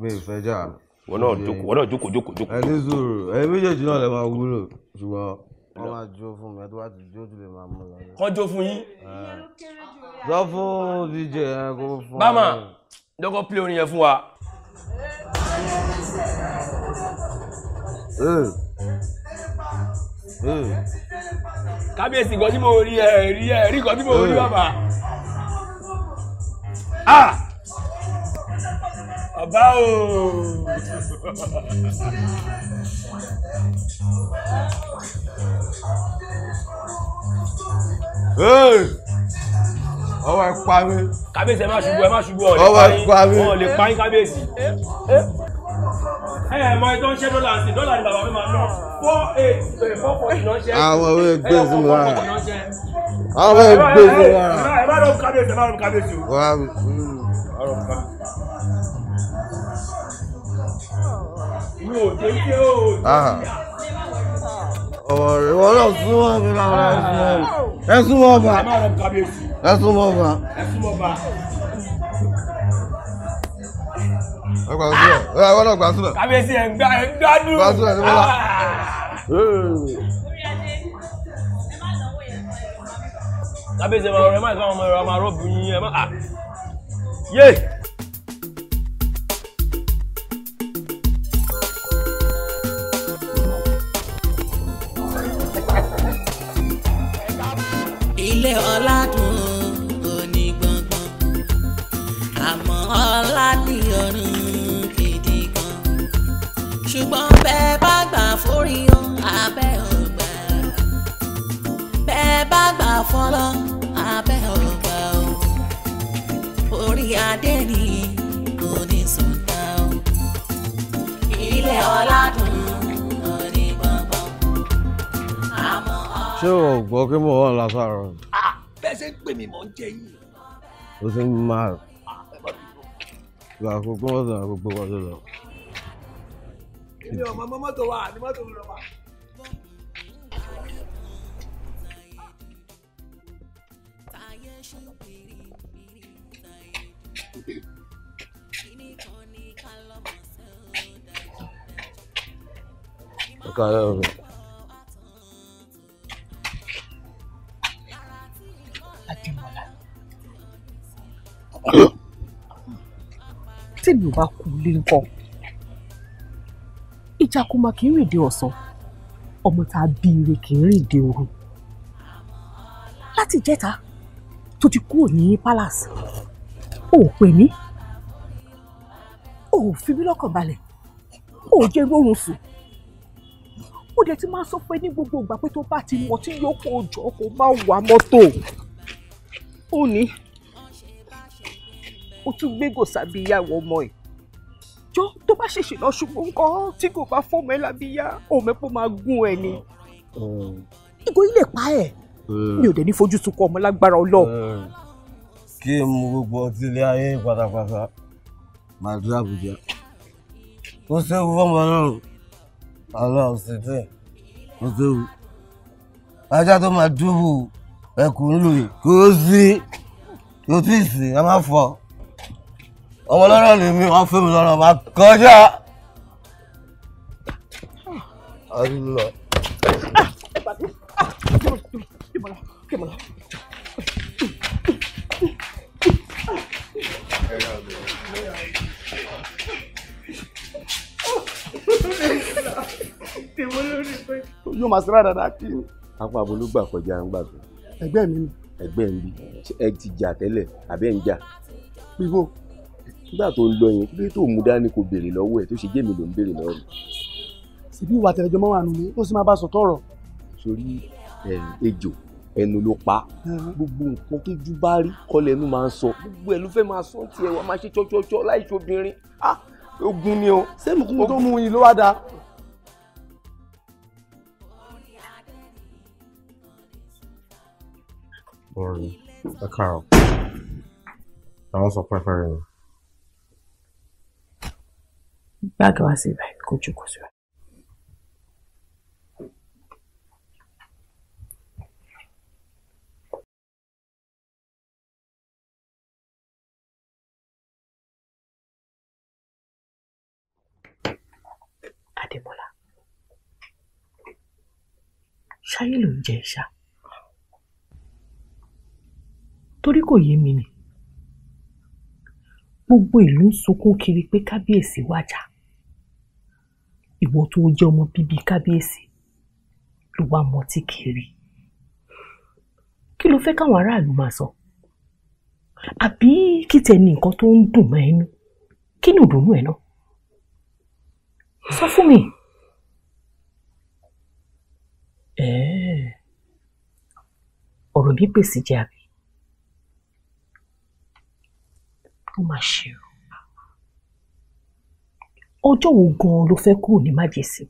mi ì fẹ́ jà wọn náà jókòó wọn náà jókòó jókòó jókòó. ẹni sùúrù ẹni méjèèjì náà lè máa wúlò ṣùgbọ́n. wọ́n máa jó fún mi ẹtí wá ti jó jù lè máa mú lọ. kọ́ jó fún yín. jọ fún dj ẹ kó fún. bámà dọ́kọ̀ pílẹ̀ orin yẹn fún wa. kábíyèsí nǹkan mo rí ẹ rí ẹ rí nǹkan mo rí bàbá. Ah! bàbá Hey. ọwọ́ ẹ pa mi. kábíyèsí ẹ má ṣubú ẹ má ṣubú ọ̀ pa yín ọ̀ lè pa yín kábíyèsí ẹ̀ẹ̀mọ ẹjọ́ ń ṣe dọ́là àti dọ́là ni bàbá mi máa ná four eight four forty náà ṣe àwọn ewé gbé fún wa àwọn ewé gbé fún wa. ẹ bá dọ̀ kábíyèsí ẹ bá dọ̀ kábíyèsí o. ọ̀rẹ́ wọn náà súnmọ́ mi lára ẹ súnmọ́ ọba ẹ súnmọ́ ọba. ẹ gbà sílẹ̀ ẹ wọ́n náà gbà sílẹ̀. kábíyèsí ẹ̀ ń gbádùn. gbà sílẹ̀ nígbà kábíyèsí ẹ̀ máa rọ ẹ̀ máa ìfọwọ́ ọmọ ẹ̀rọ máa rọ́ọ̀bù yín ẹ̀ máa yé. gbọ́ pé mò ń wọ̀ bẹ́ẹ̀ ṣe ń pè mí mò ń jẹ yìí. o ti ń máa ah, gba àkókò mọ́tò náà gbogbo wọn lọ. èmi ò mọ mọ́tò wa ni mọ́tò mi lọ wà. Caramba. tèmi ò bá kú lé ńkọ́ ìjàkùmà kì í rìn dé ọ̀sán ọmọ tá a bí ire kì í rìn dé òru láti ìjẹta tó ti kúrò ní palace ò pè mí ò fi mí lọ́kàn balẹ̀ ò jẹ́ rọrùn sùn ó dẹ̀ ti máa sọ pé ní gbogbo ìgbà pé tó bá ti mọ̀ tí yóò kó jọ kó má wà mọ́tò ó ní ó tún gbégò sábíyàwó ọmọ ẹ̀ jọ tó bá ṣèṣì lọ ṣùgbọ́n nǹkan tí kò bá fọmọ ẹ lábíyá òmẹ́pọ̀ máa gún ẹ ni mm. ìgò ilé pa ẹ̀ mm. mi ò dẹ̀ ní fojú sunkún ọmọ lágbára ọlọ́ọ̀. Mm. kí n mú gbogbo ọtí ilé ayé pátápátá máa dúró àbújá ó séwu fọmọ ọlọ́run ọlọ́run sì bẹ́ẹ̀ ó séwu ajá tó máa dúró ẹkùn lùi kó o sí kó o tí ẹ má fọ ọmọ lọ́rọ̀ ni mi wọ́n fún mi lọ́rọ̀ máa kọjá. àdúrà. yóò máa sẹ́ra dáadáa kí ni. apá abolú gbà ẹgbẹ́ mi ni. ẹgbẹ́ mi ẹ ti jà tẹ́lẹ̀ àbẹ́ ń jà. bíbó nígbà tó ń lọ yẹn kí ló tó mú dání kò béèrè lọ́wọ́ ẹ̀ tó ṣe jẹ́mi ló ń béèrè lọ́wọ́ mi. ṣèbí ìwà tẹ̀lẹ́jọ́ máa wà nù mí ó sì máa bá sọ tọ̀rọ̀. sórí ejò ẹnu ló pa gbogbo nǹkan tó ju bá rí kọlẹ̀ ẹnu máa ń sọ gbogbo ẹ̀ ló fẹ́ máa sọ tiẹ̀ wà máa ṣe tsọ́tsọ́tsọ́ láì ṣobìnrin ah ogun ni o. sẹ́mi kúkú tó mú yín ló wá dáa. Orin, ẹ káàárọ̀, àwọn sọ pẹ́pẹ́rẹ́ ni báàgì wá sí ibà kó jókòó sí wa. Adémọ́lá ṣáyé ló ń jẹ ìṣá torí kò yé mi ni gbogbo ìlú ń sunkún kiri pé kábíyèsí wájà ìwọ tó jẹ́ ọmọ bíbí kábíyèsí ló wá mọtí kiri kí ló fẹ́ káwọn aráàlú máa sọ àbí kí tẹ ní nǹkan tó ń dùn mọ́ ẹnu kí ni ìdùnnú ẹ náà sọ fún mi. ọ̀rọ̀ bí gbèsè jẹ́ àbí ó máa ṣe o ọjọ́ wo gan-an ló fẹ́ kúrò ní májèsín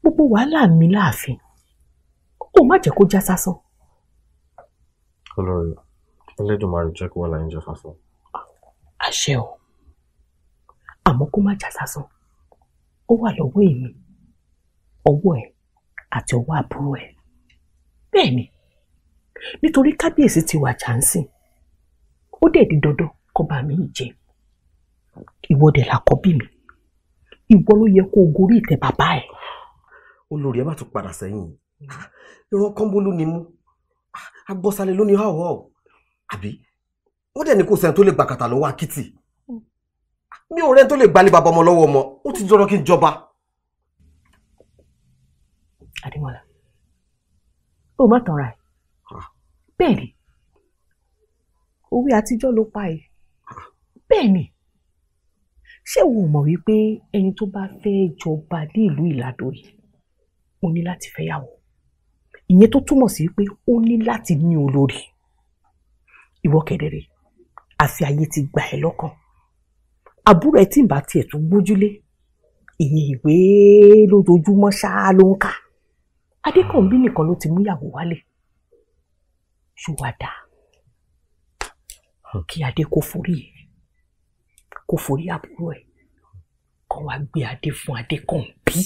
gbogbo wàhálà mi láàfin ó má jẹ́ kó já sásán. olórí Elédùmarè jẹ́ kó wà láyé jẹ́ fásán. àṣẹ o àmọ́ kó má já sásán ó wà lọ́wọ́ èmi ọwọ́ ẹ̀ àti ọwọ́ àbúrò ẹ̀ bẹ́ẹ̀ ni nítorí kábíyèsí ti wà jàǹsìn ó dẹ̀ di dandan kó bá mi jẹ ìwọ dẹ̀ làkọ́bí mi ìwọ ló yẹ kó o gorí ìtẹ́ bàbá ẹ̀. olórí ẹ má tún padà sẹ́yìn ìran kọ́ńbó ló ní mú agbọ́sálẹ̀ ló ní hàwọ́ àbí wọ́n dẹ̀ ní kò sẹ́ni tó lè gbàkàtà lọ́wọ́ akitì mi ò rẹ́ni tó lè gbalẹ̀ bàbá ọmọ lọ́wọ́ ọmọ ó ti dọ́rọ́ kí n jọba. adémọlá o má tanra ẹ bẹ́ẹ̀ ni òwe àtijọ́ ló pa ẹ bẹ́ẹ̀ ni ṣé wọn ò mọ̀ wípé ẹni tó bá fẹ́ jọba ní ìlú ìlàdòrè ó ní láti fẹ́yàwó ìyẹn tó túmọ̀ sí pé ó ní láti ní olórí ìwọ kẹ̀dẹ̀rẹ̀ àfi ayé ti gbà ẹ́ lọ́kàn àbúrò ẹ tí ń bá tiẹ̀ tún gbójúlé ìyẹn ìwé lójoojúmọ́ ṣáá ló ń kà adékànbí nìkan ló ti múyàwó wálé ṣùwádà kí adé kó forí ẹ̀ kó forí àbúrò ẹ̀ kó wá gbé adé fún adé kan bí.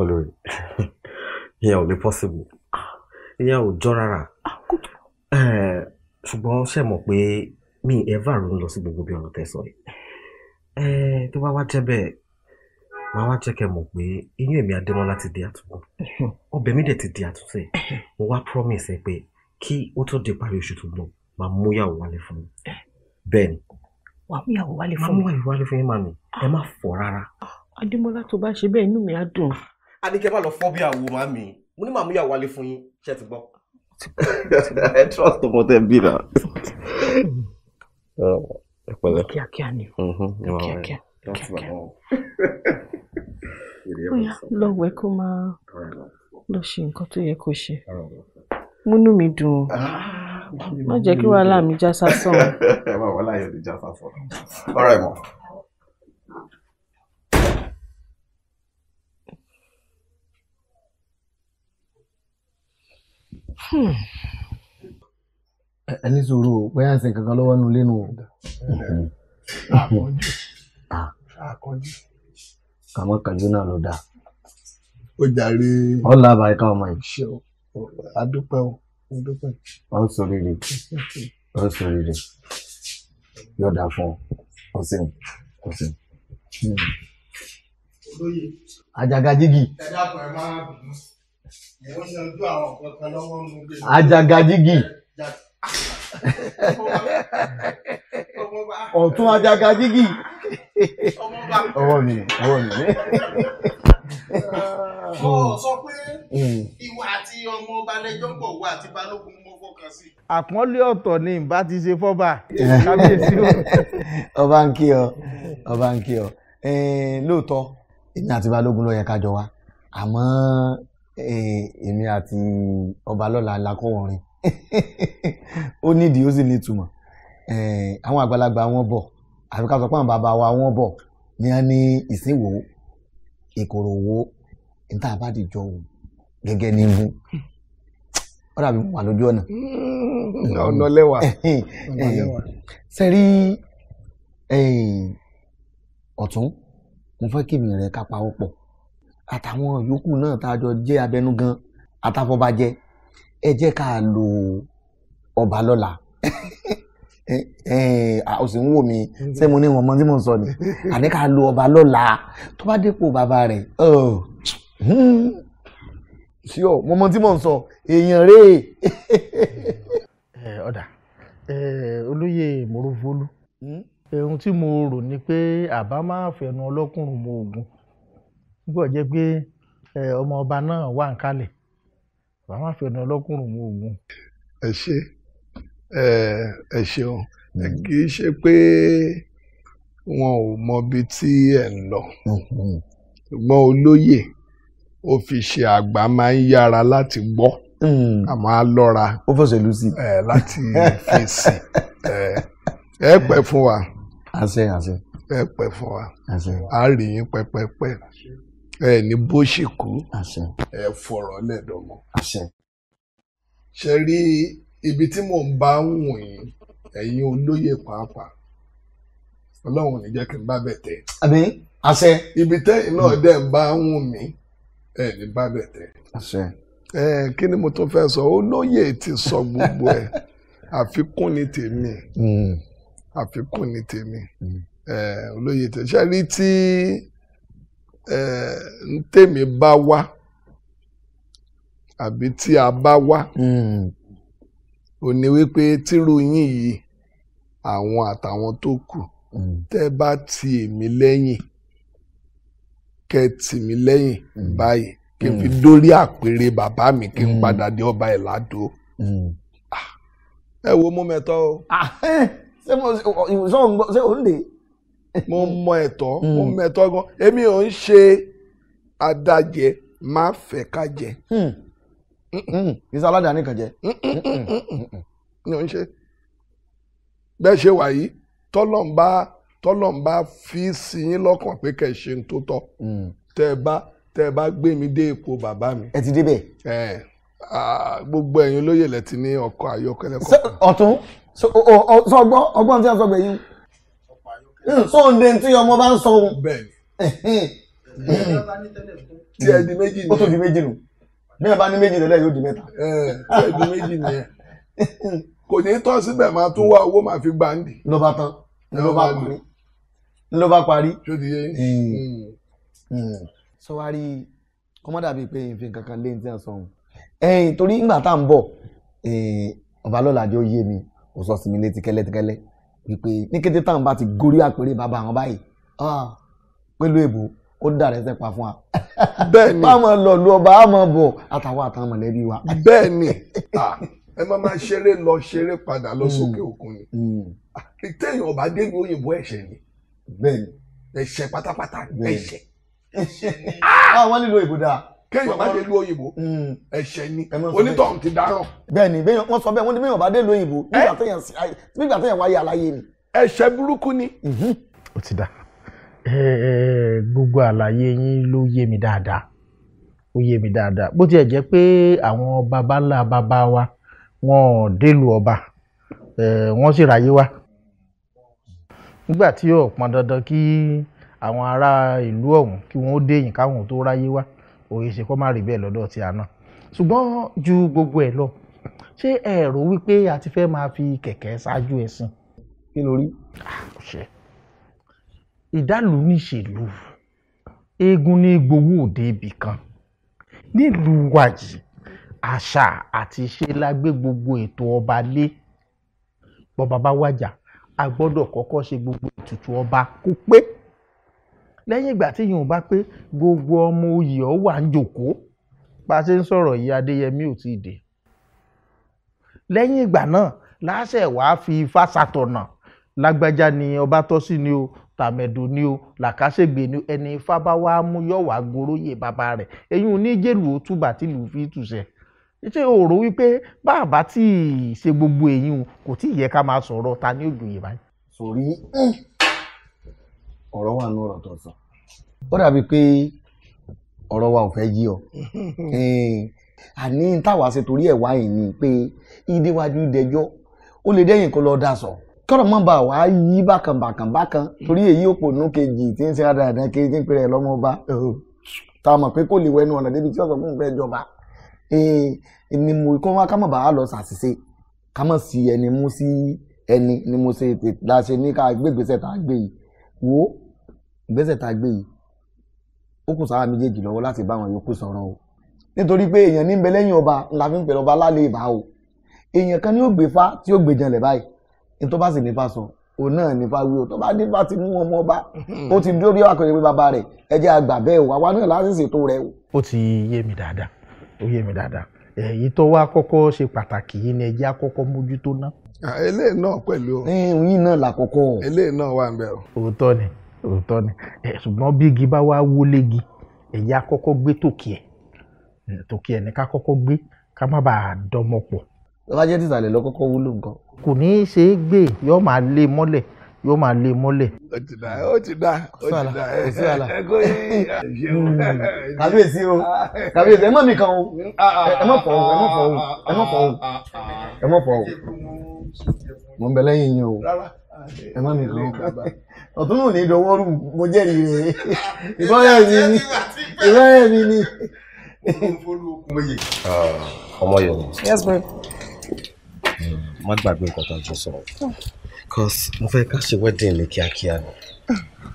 olórí ìyẹn ò ní pọ́sibù ìyẹn ò jọ rárá ṣùgbọ́n ṣe mọ̀ pé mi ẹ̀fà ló ń lọ sí gbogbo bí ọ̀rọ̀ tẹ̀sán yìí tó bá wá jẹ́ bẹ́ẹ̀ màá wá jẹ́ kẹ́ mọ̀ pé iyún èmi adémọ́lá ti di àtúnkù ọbẹ̀ mi dẹ̀ ti di àtúnṣe mo wá promise ẹ pé kí ó tó di parí oṣù tó gbọ́n màá múyàwó wálé fún mi bẹ́ẹ̀ ni wàá mú ìyàwó wálé fún mi. màá mú ìyàwó wálé fún yín màmí ẹ má fọ rárá. Ah, adémọlá tó bá ṣe bẹ́ẹ̀ inú mi á dùn. adékẹ́ bá lọ fọ́ bí àwo màmí mo ní màmú ìyàwó wálé fún yín ṣe ti gbọ́. ẹ trust ọmọ tẹ bí na. ẹ pẹ̀lẹ́ kíákíá ni mm-hmm, kíákíá kíákíá. bóyá lọ́wọ́ ẹ kó máa lọ ṣe nǹkan tó yẹ kó ṣe múnú mi dùn. Ah má jẹ́ kí wàhálà mi já sásán. ẹ má wàhálà yóò di já sásán ọ̀rọ̀ ẹ̀ mọ̀. ẹni sòrò bóyá ń sin kankan lọ́wọ́ nínú ilé nù. àkànjú ah. àkànjú. kàmọ́ kàjú náà ló dáa. ó jàre. ọ̀la àbáyíká ọmọ yìí. adúpẹ́ o dúpẹ́. ó ń sọríire ó ń sọríire yóò dáa fún ọ ó ṣeun ó ṣeun. àjàgà jígì. ẹ dákun ẹ máa bínú ẹ ó ṣe jígì ọ̀tún ajaga jígì ọwọ́ mi ọwọ́ mi ọ sọ pé mm. ìwà àti ọmọ ọba lẹjọ pọ̀ wà àti balógun mo fọkàn sí. àpọ́nlé ọ̀tọ̀ ni ìbá ti ṣe fọ́ba eh. kábíyèsí o. ọba ń kí ọ ọba ń kí ọ eh, lóòótọ́ èmi àti balógun ló yẹ ká jọ wá àmọ́ eh, èmi àti ọba lọ́la lakọ́wọ́rin ó nídìí ó sì nítumọ̀ àwọn àgbàlagbà wọn bọ̀ àfi àwọn bàbá wa wọn bọ̀ ni a ní ìkòrò owó níta bá dìjọ o gẹ́gẹ́ ní ibú ó dàbí wà lójú ọ̀nà. Hmm, ọ̀nà lẹ́wà. sẹ́rí ọ̀tún mo fẹ́ kí mi rẹ̀ ká pawọ́ pọ̀ àtàwọn yòókù náà tá a jọ jẹ́ abẹnugan àtàfọ́bàjẹ́ ẹ jẹ́ ká lo ọba lọ́la ó sì ń wò mí ṣé mo ní wọn mọ tí mo ń sọ ni àní ká lu ọba lọ́la tó bá dépò bàbá rẹ̀ ṣíọ mo mọ tí mo ń sọ èèyàn rèé. ọ̀dà olóyè mòrúfólú hmm? ohun tí mo rò ni pé àbá máa fẹnu ọlọ́kùnrin mọ oògùn gbọ́dọ̀ jẹ́ pé ọmọ ọba náà wà ń kalẹ̀ àbá máa fẹnu ọlọ́kùnrin mọ oògùn. ẹ ṣe ẹ ṣeun mm. kì í ṣe pé wọn ò mọbi tí ẹ ń lọ mm-hmm. ṣùgbọ́n olóyè ó fi ṣe àgbà máa ń yára láti gbọ́ àmọ́ mm. á lọ́ra ó fọ̀sẹ̀ lù sí i láti fèsì ẹ pẹ́ fún wa àṣẹ àṣẹ ẹ pẹ́ fún wa àṣẹ á rí yín pẹ́pẹ́pẹ́ ẹ ní bó ṣì kú àṣẹ ẹ fọ̀rọ̀ lẹ́dọ̀mọ́ àṣẹ ṣe rí ibi tí mò ń bá wùn yín ẹ̀yin olóyè pàápàá ọlọ́run ní jẹ́ kí n bá bẹ̀ tẹ̀. àbí àṣẹ. ibi tẹ́yìn náà mm. dẹ̀ ń bá wùn mí ẹ̀ ní bá bẹ̀ tẹ̀. àṣẹ. ẹ kí ni mo tún fẹ́ sọ olóyè ti sọ gbogbo ẹ̀ àfikún ni tèmi mm. àfikún ni tèmi mm. olóyè tẹ̀ ṣe rí tí ntèmi bá wá àbí tí a bá wá ò ní wípé tírú yín yìí àwọn àtàwọn tó kù hmm. tẹ́ bá ti èmi lẹ́yìn kẹ́ tì mí lẹ́yìn hmm. báyìí kí n fi hmm. dórí àpèrè bàbá mi kí n padà dé ọba ẹ̀ ládò ah. ẹ wo mú mẹ́tọ́ o. Ah, ṣé mo ṣe òun lè. mo mọ ẹ̀tọ́ mo mọ gan èmi ò ń ṣe adájẹ má fẹ́ ká jẹ. Hmm kì í sá aládàáni kan jẹ ní òun ṣe bẹ́ẹ̀ ṣe wà yìí tọ́lọ́mbà tọ́lọ́mbà fi sí yín lọ́kàn pé kẹ̀ ṣe ń tó tọ́ mm. tẹ́ ẹ bá tẹ́ ẹ bá gbé mi dé ipò bàbá mi. ẹ ti débẹ̀. ẹ gbogbo ẹ̀yin olóyè lẹ ti ní ọkọ̀ ayọ́kẹ́lẹ́ kọ̀ọ̀kan. ọ̀tún ọgbọ́n ọgbọ́n tí wọ́n sọ gbẹ̀yìn sóńdé tí ọmọ bá ń sọ ohun. tí ẹ di méjì nù. ó tó di méjì nù bí ẹ bá ní méjì lọ́lẹ́ yóò di mẹ́ta. ẹ ẹ di méjì nìyẹn kò ní tọ́ síbẹ̀ máa tún wá owó máa fi gbà ń dì. ló bá tán ló bá parí ló bá parí. tó ti yé hmm. hmm. sọ wá rí kọ́mọ́dà bíi pé nfin kankan lé ní tí wọ́n sọ ohun. ẹ̀yìn torí ńgbà tá à ń bọ̀ eh, ọ̀bálọ́lá jọ yé mi ò sọ sí mi létí kẹ́lẹ́kẹ́lẹ́ wípé ní kété táwọn bá ti gorí àpèrè bàbá àwọn báyìí ah, pẹ̀lú èbó ó dàrẹ́ sẹ́pa fún wa. bẹ́ẹ̀ni máa mọ lọ lu ọba á mọ bọ̀ àtàwọn àtàwọn mọ̀lẹ́bí wa. bẹ́ẹ̀ni ẹ máa máa ṣeré lọ ṣeré padà lọ hmm. sókè òkun ni hmm. téèyàn ọba dé ní òyìnbó ẹ̀ṣẹ̀ ni bẹ́ẹ̀ni ẹ̀ṣẹ̀ pátápátá ẹ̀ṣẹ̀. Ah! àwọn nílò ìbò dáa kéèyàn bá dé lu òyìnbó hmm. ẹ̀ṣẹ̀ ni onítọ̀hún ti dáràn. bẹ́ẹ̀ni wọn sọ bẹ́ẹ̀ wọn ní bẹ́ẹ̀yàn bá dé lu òyìnbó nígbà téèyàn wáyé aláyé ni. ẹ̀ṣẹ̀ burúkú ni. ó ti dáa gbogbo àlàyé yín ló yé mi dáadáa ó yé mi dáadáa bó tiẹ̀ jẹ́ pé àwọn baba ńlá baba wa wọn ò délùú ọba wọ́n sì ráyé wá nígbà tí ó pọn dandan kí àwọn ará ìlú ọ̀hún kí wọ́n ó déyìn káwọn tó ráyé wá òye ṣe kọ́ má rí bẹ́ẹ̀ lọ́dọ̀ tí a náà ṣùgbọ́n ju gbogbo ẹ̀ lọ ṣé ẹ rò wípé a ti fẹ́ máa fi kẹ̀kẹ́ ṣáájú ẹ̀sìn. kí ló rí. Ah, ó ṣe ìdálù níṣèlú eégún ní gbowó òde ibì kan nílùú wa yìí àṣà àti ìṣe la gbé gbogbo ètò ọba lé bọ́ba bá wájà a gbọ́dọ̀ kọ́kọ́ ṣe gbogbo ètùtù ọba kó pé lẹ́yìn ìgbà tí yìnyín bá pé gbogbo ọmọ oyè ọ wà ń jòkó bá a ṣe ń sọ̀rọ̀ yìí adéyẹmí ò tí ì dé lẹ́yìn ìgbà náà láṣẹ wàá fi ifá ṣàtọ̀nà lágbájá ni ọba tọ́ ni o tàmẹ̀dò ni o làkàṣègbè ni ẹni ifá bá wá mú yọ̀ wá goróyè bàbá rẹ̀ eyín oníjèlú òtúbà tí lù fi tùṣẹ̀ ṣé o rò wípé bàbá tí ì ṣe gbogbo èyí o kò tí ì yẹ ká máa sọ̀rọ̀ ta ní òjòyè báyìí. sòrí ọ̀rọ̀ wà nù ọ̀rọ̀ tó sọ ó dàbí pé ọ̀rọ̀ wa ò fẹ́ yí ọ àní táwa ṣe torí ẹ̀ wáyé ni pé ìdíwájú dẹjọ́ ó lè dẹ́yìn kó lọ́ọ́ dà sọ̀rọ̀ kọ́rọ̀ mọ́ bá wàá yí bákan bákan bákan torí èyí òpò nù kejì tí ń ṣe àdàdàn kejì ń pè rẹ̀ lọ́mọ ọba tá a mọ̀ pé kò lè wẹnu ọ̀nà débi tí ọ̀sán fún ìfẹ́ ìjọba ni mo kọ́ wá ká mọ̀ bá lọ sàṣìṣe ká mọ̀ sí ẹni mú sí ẹni ni mo ṣe láṣẹ ní ká gbé ìgbésẹ̀ tá a gbé yìí wo ìgbésẹ̀ tá a gbé yìí ó kù sára méjèèjì lọ́wọ́ láti bá àwọn yòókù sọ̀rọ̀ o nítorí pé èèyàn ní ń bẹ lẹ́yìn ọba ńlá fi ń pè lọ́ba lálẹ́ o èèyàn kan ní ó gbé fá tí ó gbé janlẹ̀ báyìí ní tó bá sì nípa sọ òun náà nípa wí o tó bá nípa ti mú wọn mọ bá hmm. ó ti dúró bí àkọsílẹ̀ pé bàbá rẹ̀ ẹ jẹ́ àgbà bẹ́ẹ̀ wà wá náà láti ṣètò rẹ̀ o. ó ti yé mi dáadáa ó yé mi dáadáa èyí tó wá kọ́kọ́ ṣe pàtàkì yìí ni ẹ jẹ́ àkọ́kọ́ mójútó náà eléyìí náà pẹ̀lú o. yín náà làkọ́kọ́. eléyìí náà wà ń bẹ̀ o. òótọ́ ni òótọ́ ni ṣùgbọ́n bí igi bá wá wólégi ẹ̀yà kọ́kọ́ gbé tòkì ẹ̀ tòkì ẹ̀ ní ká kọ́kọ́ gbé ká má bàa dọ́mọ pọ̀ tó bá jẹ́ tìsàlẹ̀ lọ kọ́kọ́ wúlò nǹkan. kò ní í ṣe é gbé yóò máa lé mọ́lẹ̀ yóò máa lé mọ́lẹ̀. ó ti dá ó ti dá ó ti dá ẹ ẹ kó yí. kábíyèsí o kábíyèsí ẹ mọ̀ mi kan o ẹ mọ̀ fọ̀ o ẹ mọ̀ fọ̀ o ẹ mọ̀ fọ̀ o ẹ mọ̀ fọ̀ o mo ń bẹ lẹ́yìn yín o ẹ mọ̀ mi kan o ọ̀tún ò ní dọwọ́rù mo jẹ́rìí rẹ̀ ìbáyà mi ni ìbáyà mi ni. Ah, ọmọ yorùbá. yes bro má gbàgbé nǹkan tó ń jọ sọ̀rọ̀ cause mo fẹ́ ká ṣe wedding ní kíákíá ni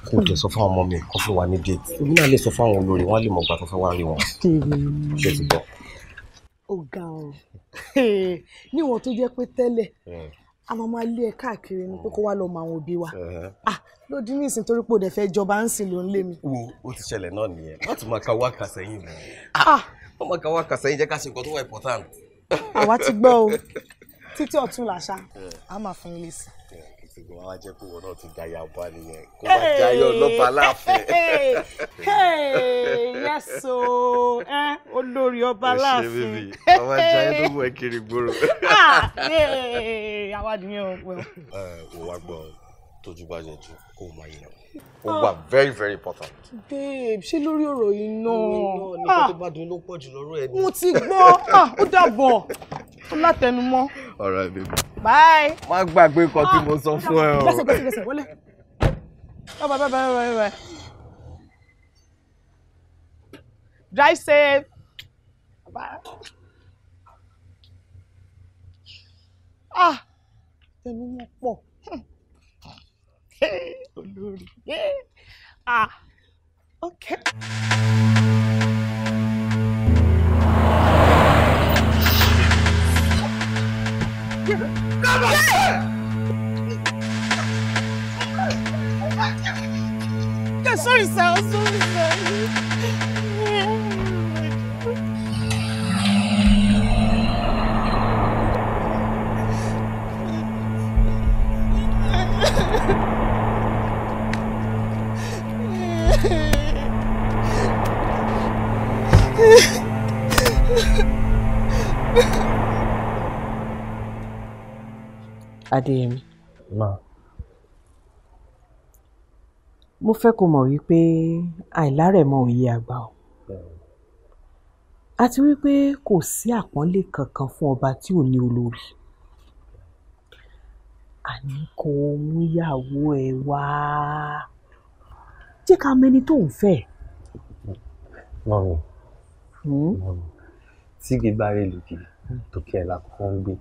kó o tẹ sọ fún àwọn ọmọ mi kó fún wa ní date èmi náà lè sọ fún àwọn olórí wọn lè mọ ìgbà tó fẹ́ wá rí wọn ṣe ti bọ̀. ó ga ọ níwọ̀n tó jẹ́ pé tẹ́lẹ̀ hmm. a máa máa lé ẹ káàkiri ni pé kó wá lọ mọ àwọn òbí wa hmm. ah, lódì ní ìsìn torí pé òde fẹ́ jọba ń sìn ló ń lé mi. wo o ti ṣẹlẹ̀ náà nìyẹn láti máa ka wákà sẹ́yìn rẹ̀ ah. wọ́n máa ka wákà sẹ́yìn jẹ́ ká ṣe nǹkan tó wà important. àwa ti gbọ́ o títí ọ̀tún làṣà eh. a máa fún ilé sí. Eh, ìtìgbọ̀n wa jẹ́ pé wọn náà ti da yàgbá nìyẹn kó máa jayọ lọ́ba láàfin. yes o eh, olórí ọba láàfin. ọba jayọ ló mú ẹ kiri gbòòrò. Ah, àwa nìyẹn o. ò wá gbọ́ tójú bá jẹ jù kó o máa yẹ o ó wà very very important. babe ṣé lórí ọ̀rọ̀ yìí náà. nípa ah. tó bá dùn ló pọ̀ jù lọ́rọ̀ ẹ̀ ni. mo ti gbọ́ ah, ó dàbọ̀ ó látẹnumọ́. ọ̀rọ̀ ẹ̀ bèbè. bye. má gbàgbé nǹkan tí mo sọ fún ẹ o. gbèsè gbèsè gbèsè wọlé. bye bye bye bye bye. drive safe. Bye. ah tẹnumọ́ pọ̀. ah, okay. sorry, sir. Sorry, sir. Adéyẹmí. Ma. Mo fẹ́ kó mọ̀ wípé àìlárẹ̀mọ òye àgbà o. Àti wípé kò sí àpọ́nlé kankan fún ọba tí ò ní olórí. Àní kò múyàwó ẹ̀ wá. Jẹ́ ká mẹni tó ń fẹ́. Mọ̀mí. Hmm? Mọ̀mí tí gbé bá rè lòdì tòkè ẹ̀ lákòókò ń gbé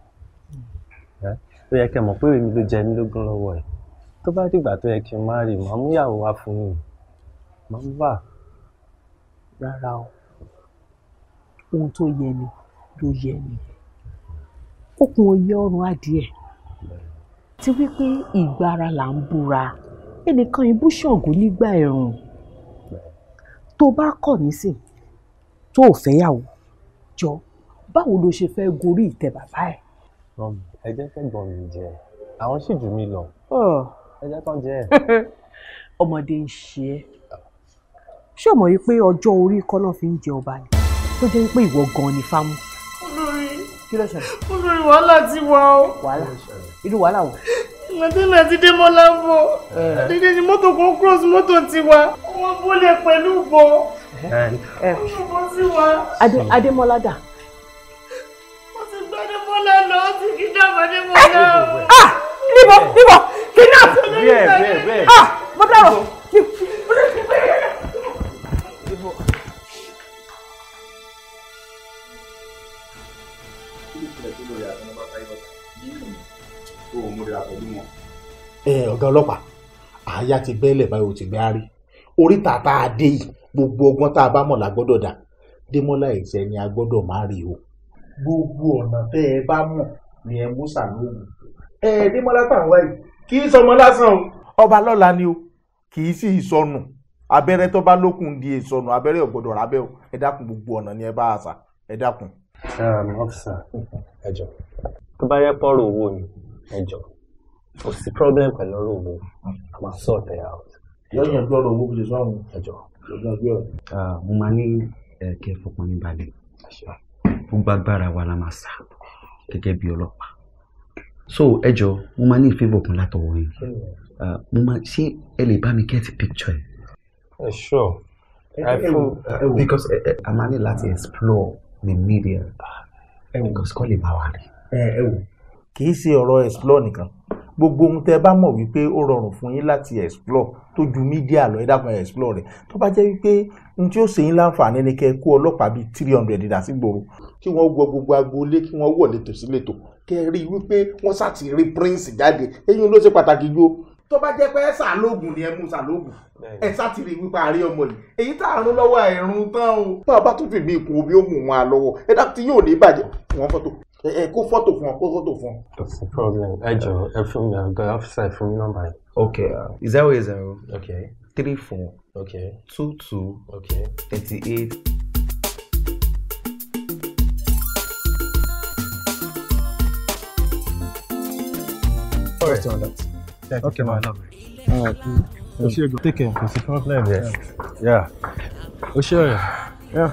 ó yẹ kẹ́ mọ̀ pé èmi ló jẹ mí lógún lọ́wọ́ ẹ̀ tó bá dìgbà tó yẹ kí n má rí màá mú ìyàwó wá fún mi màá mú bà rárá o ohun tó yẹ ni ló yẹ ni okùn òye ọrùn adìẹ ti wípé ìgbára là ń búra ẹnìkan ibú ṣọ̀gùn nígbà ẹ̀rùn tó bá kọ̀ nísìn tó ò fẹ́yàwó jọ báwo ló ṣe fẹ́ gorí ìtẹ̀ bàbá ẹ̀. Um, ẹ jẹ́ kẹ́gbọ́n mi jẹ àwọn sì jù mí lọ oh. ẹ jẹ́ kán jẹ. ọmọdé ń ṣe é ṣé o mọ̀ yìí pé ọjọ́ orí kọ́ náà fi ń jẹ ọba ni tó jẹ́ pé ìwọ gan-an ni fámú. olórí kí ló ṣẹlẹ̀. olórí wàhálà ti wà o. wàhálà irú wàhálà wò. Màdínà àti Démọ́lá ń bọ̀. Eh. Dídé ni mọ́tò kan cross mọ́tò tiwa. Wọ́n bólẹ̀ pẹ̀lú bọ̀. Adémọ́lá dà. Mo ti gbọ́ Adémọ́lá lọ, ó ti fi dábàá Adémọ́lá ah! ah! ah! o. Níbo níbo kidnap. Bẹ́ẹ̀ bẹ́ẹ̀ bẹ́ẹ̀. Mo dárò. Ọ̀gá ọlọ́pàá, àáyá ti bẹ́ẹ̀lẹ̀ báyìí ó ti gbé árí. Oríta tá a dé yìí gbogbo ọgbọ́n tá a bá mọ̀ la gbọ́dọ̀ dà Démọ́lá ìṣẹ́ ni a gbọ́dọ̀ má rí o gbogbo ọ̀nà tẹ́ ẹ bá mọ̀ ni ẹ mú sàlóògùn ẹ Démọ́lá tàn wáyé kì í sọmọ lásán o ọba lọ́la ni o kì í sì sọnù abẹ́rẹ́ tó bá lókun di ìsọnù abẹ́rẹ́ ògbọ́dọ̀ rábẹ́ o ẹ dákun gbogbo ọ̀nà ni ẹ bá àṣà ẹ dákun. ọ́fíìsà ẹ jọ̀ọ́ tó bá yẹ pọ́ọ̀rọ̀ owó ni ẹ kò sí problem pẹ̀lú ọ̀rọ̀ owó a máa sort it out. yọ̀ọ́ yẹn gbọ́dọ̀ owó bí ṣe sọ́run ẹ jọ̀ọ́ mo máa ní kẹ́ fọkàn yín balẹ̀ gbogbo agbára wa la máa sà gẹ́gẹ́ bí ọlọ́pàá so ẹ jọ mo máa ní ìfẹ́ bọ̀kún látọwọ́ yín mo máa ṣé ẹ lè bá mi get picture yìí. Uh, sure I feel uh, because a máa ní láti explore the media because kọ́ lè bá wa rí. ẹ ẹ wò kì í ṣe ọ̀rọ̀ explore nìkan gbogbo ohun tẹ bá mọ̀ wípé ó rọrùn fún yín láti explore tó ju mídíà lọ ẹ dákun ẹ explore rẹ̀ tó bá jẹ́ wípé ohun tí ó ṣe yín láǹfààní ni kẹ́ kó ọlọ́pàá bíi three hundred dà sí gbòòrò kí wọ́n wọ gbogbo agboolé kí wọ́n wọ̀ létò sí létò kẹ́ rí i wípé wọ́n ṣàti rí prince jáde eyín ló ṣe pàtàkì ju tó bá jẹ́ pé ṣàlóògùn ni ẹ mú ṣàlóògùn ẹ sáti rí wípé àárín ọmọ yìí èyí tá a rún lọ́wọ́ ẹ̀rùn tán o. bá a bá tún fìgbì ikùn omi ó mú wọn lọ́wọ́ ẹ dá tí yóò ní bàjẹ́ wọn fọ́tò ẹ kó fọ́tò fún ọ kó fọ́tò fún ọ. kò sí problem ẹ jọ ẹ fún mi àgọ ọfíìsà ẹ fún mi nọ́mbà yìí. okay zero eight zero okay three four okay two two okay thirty eight. question on okay, my love. All right. Mm. Take care. It's a problem. Yes. Yeah. yeah. Oh, sure. Yeah.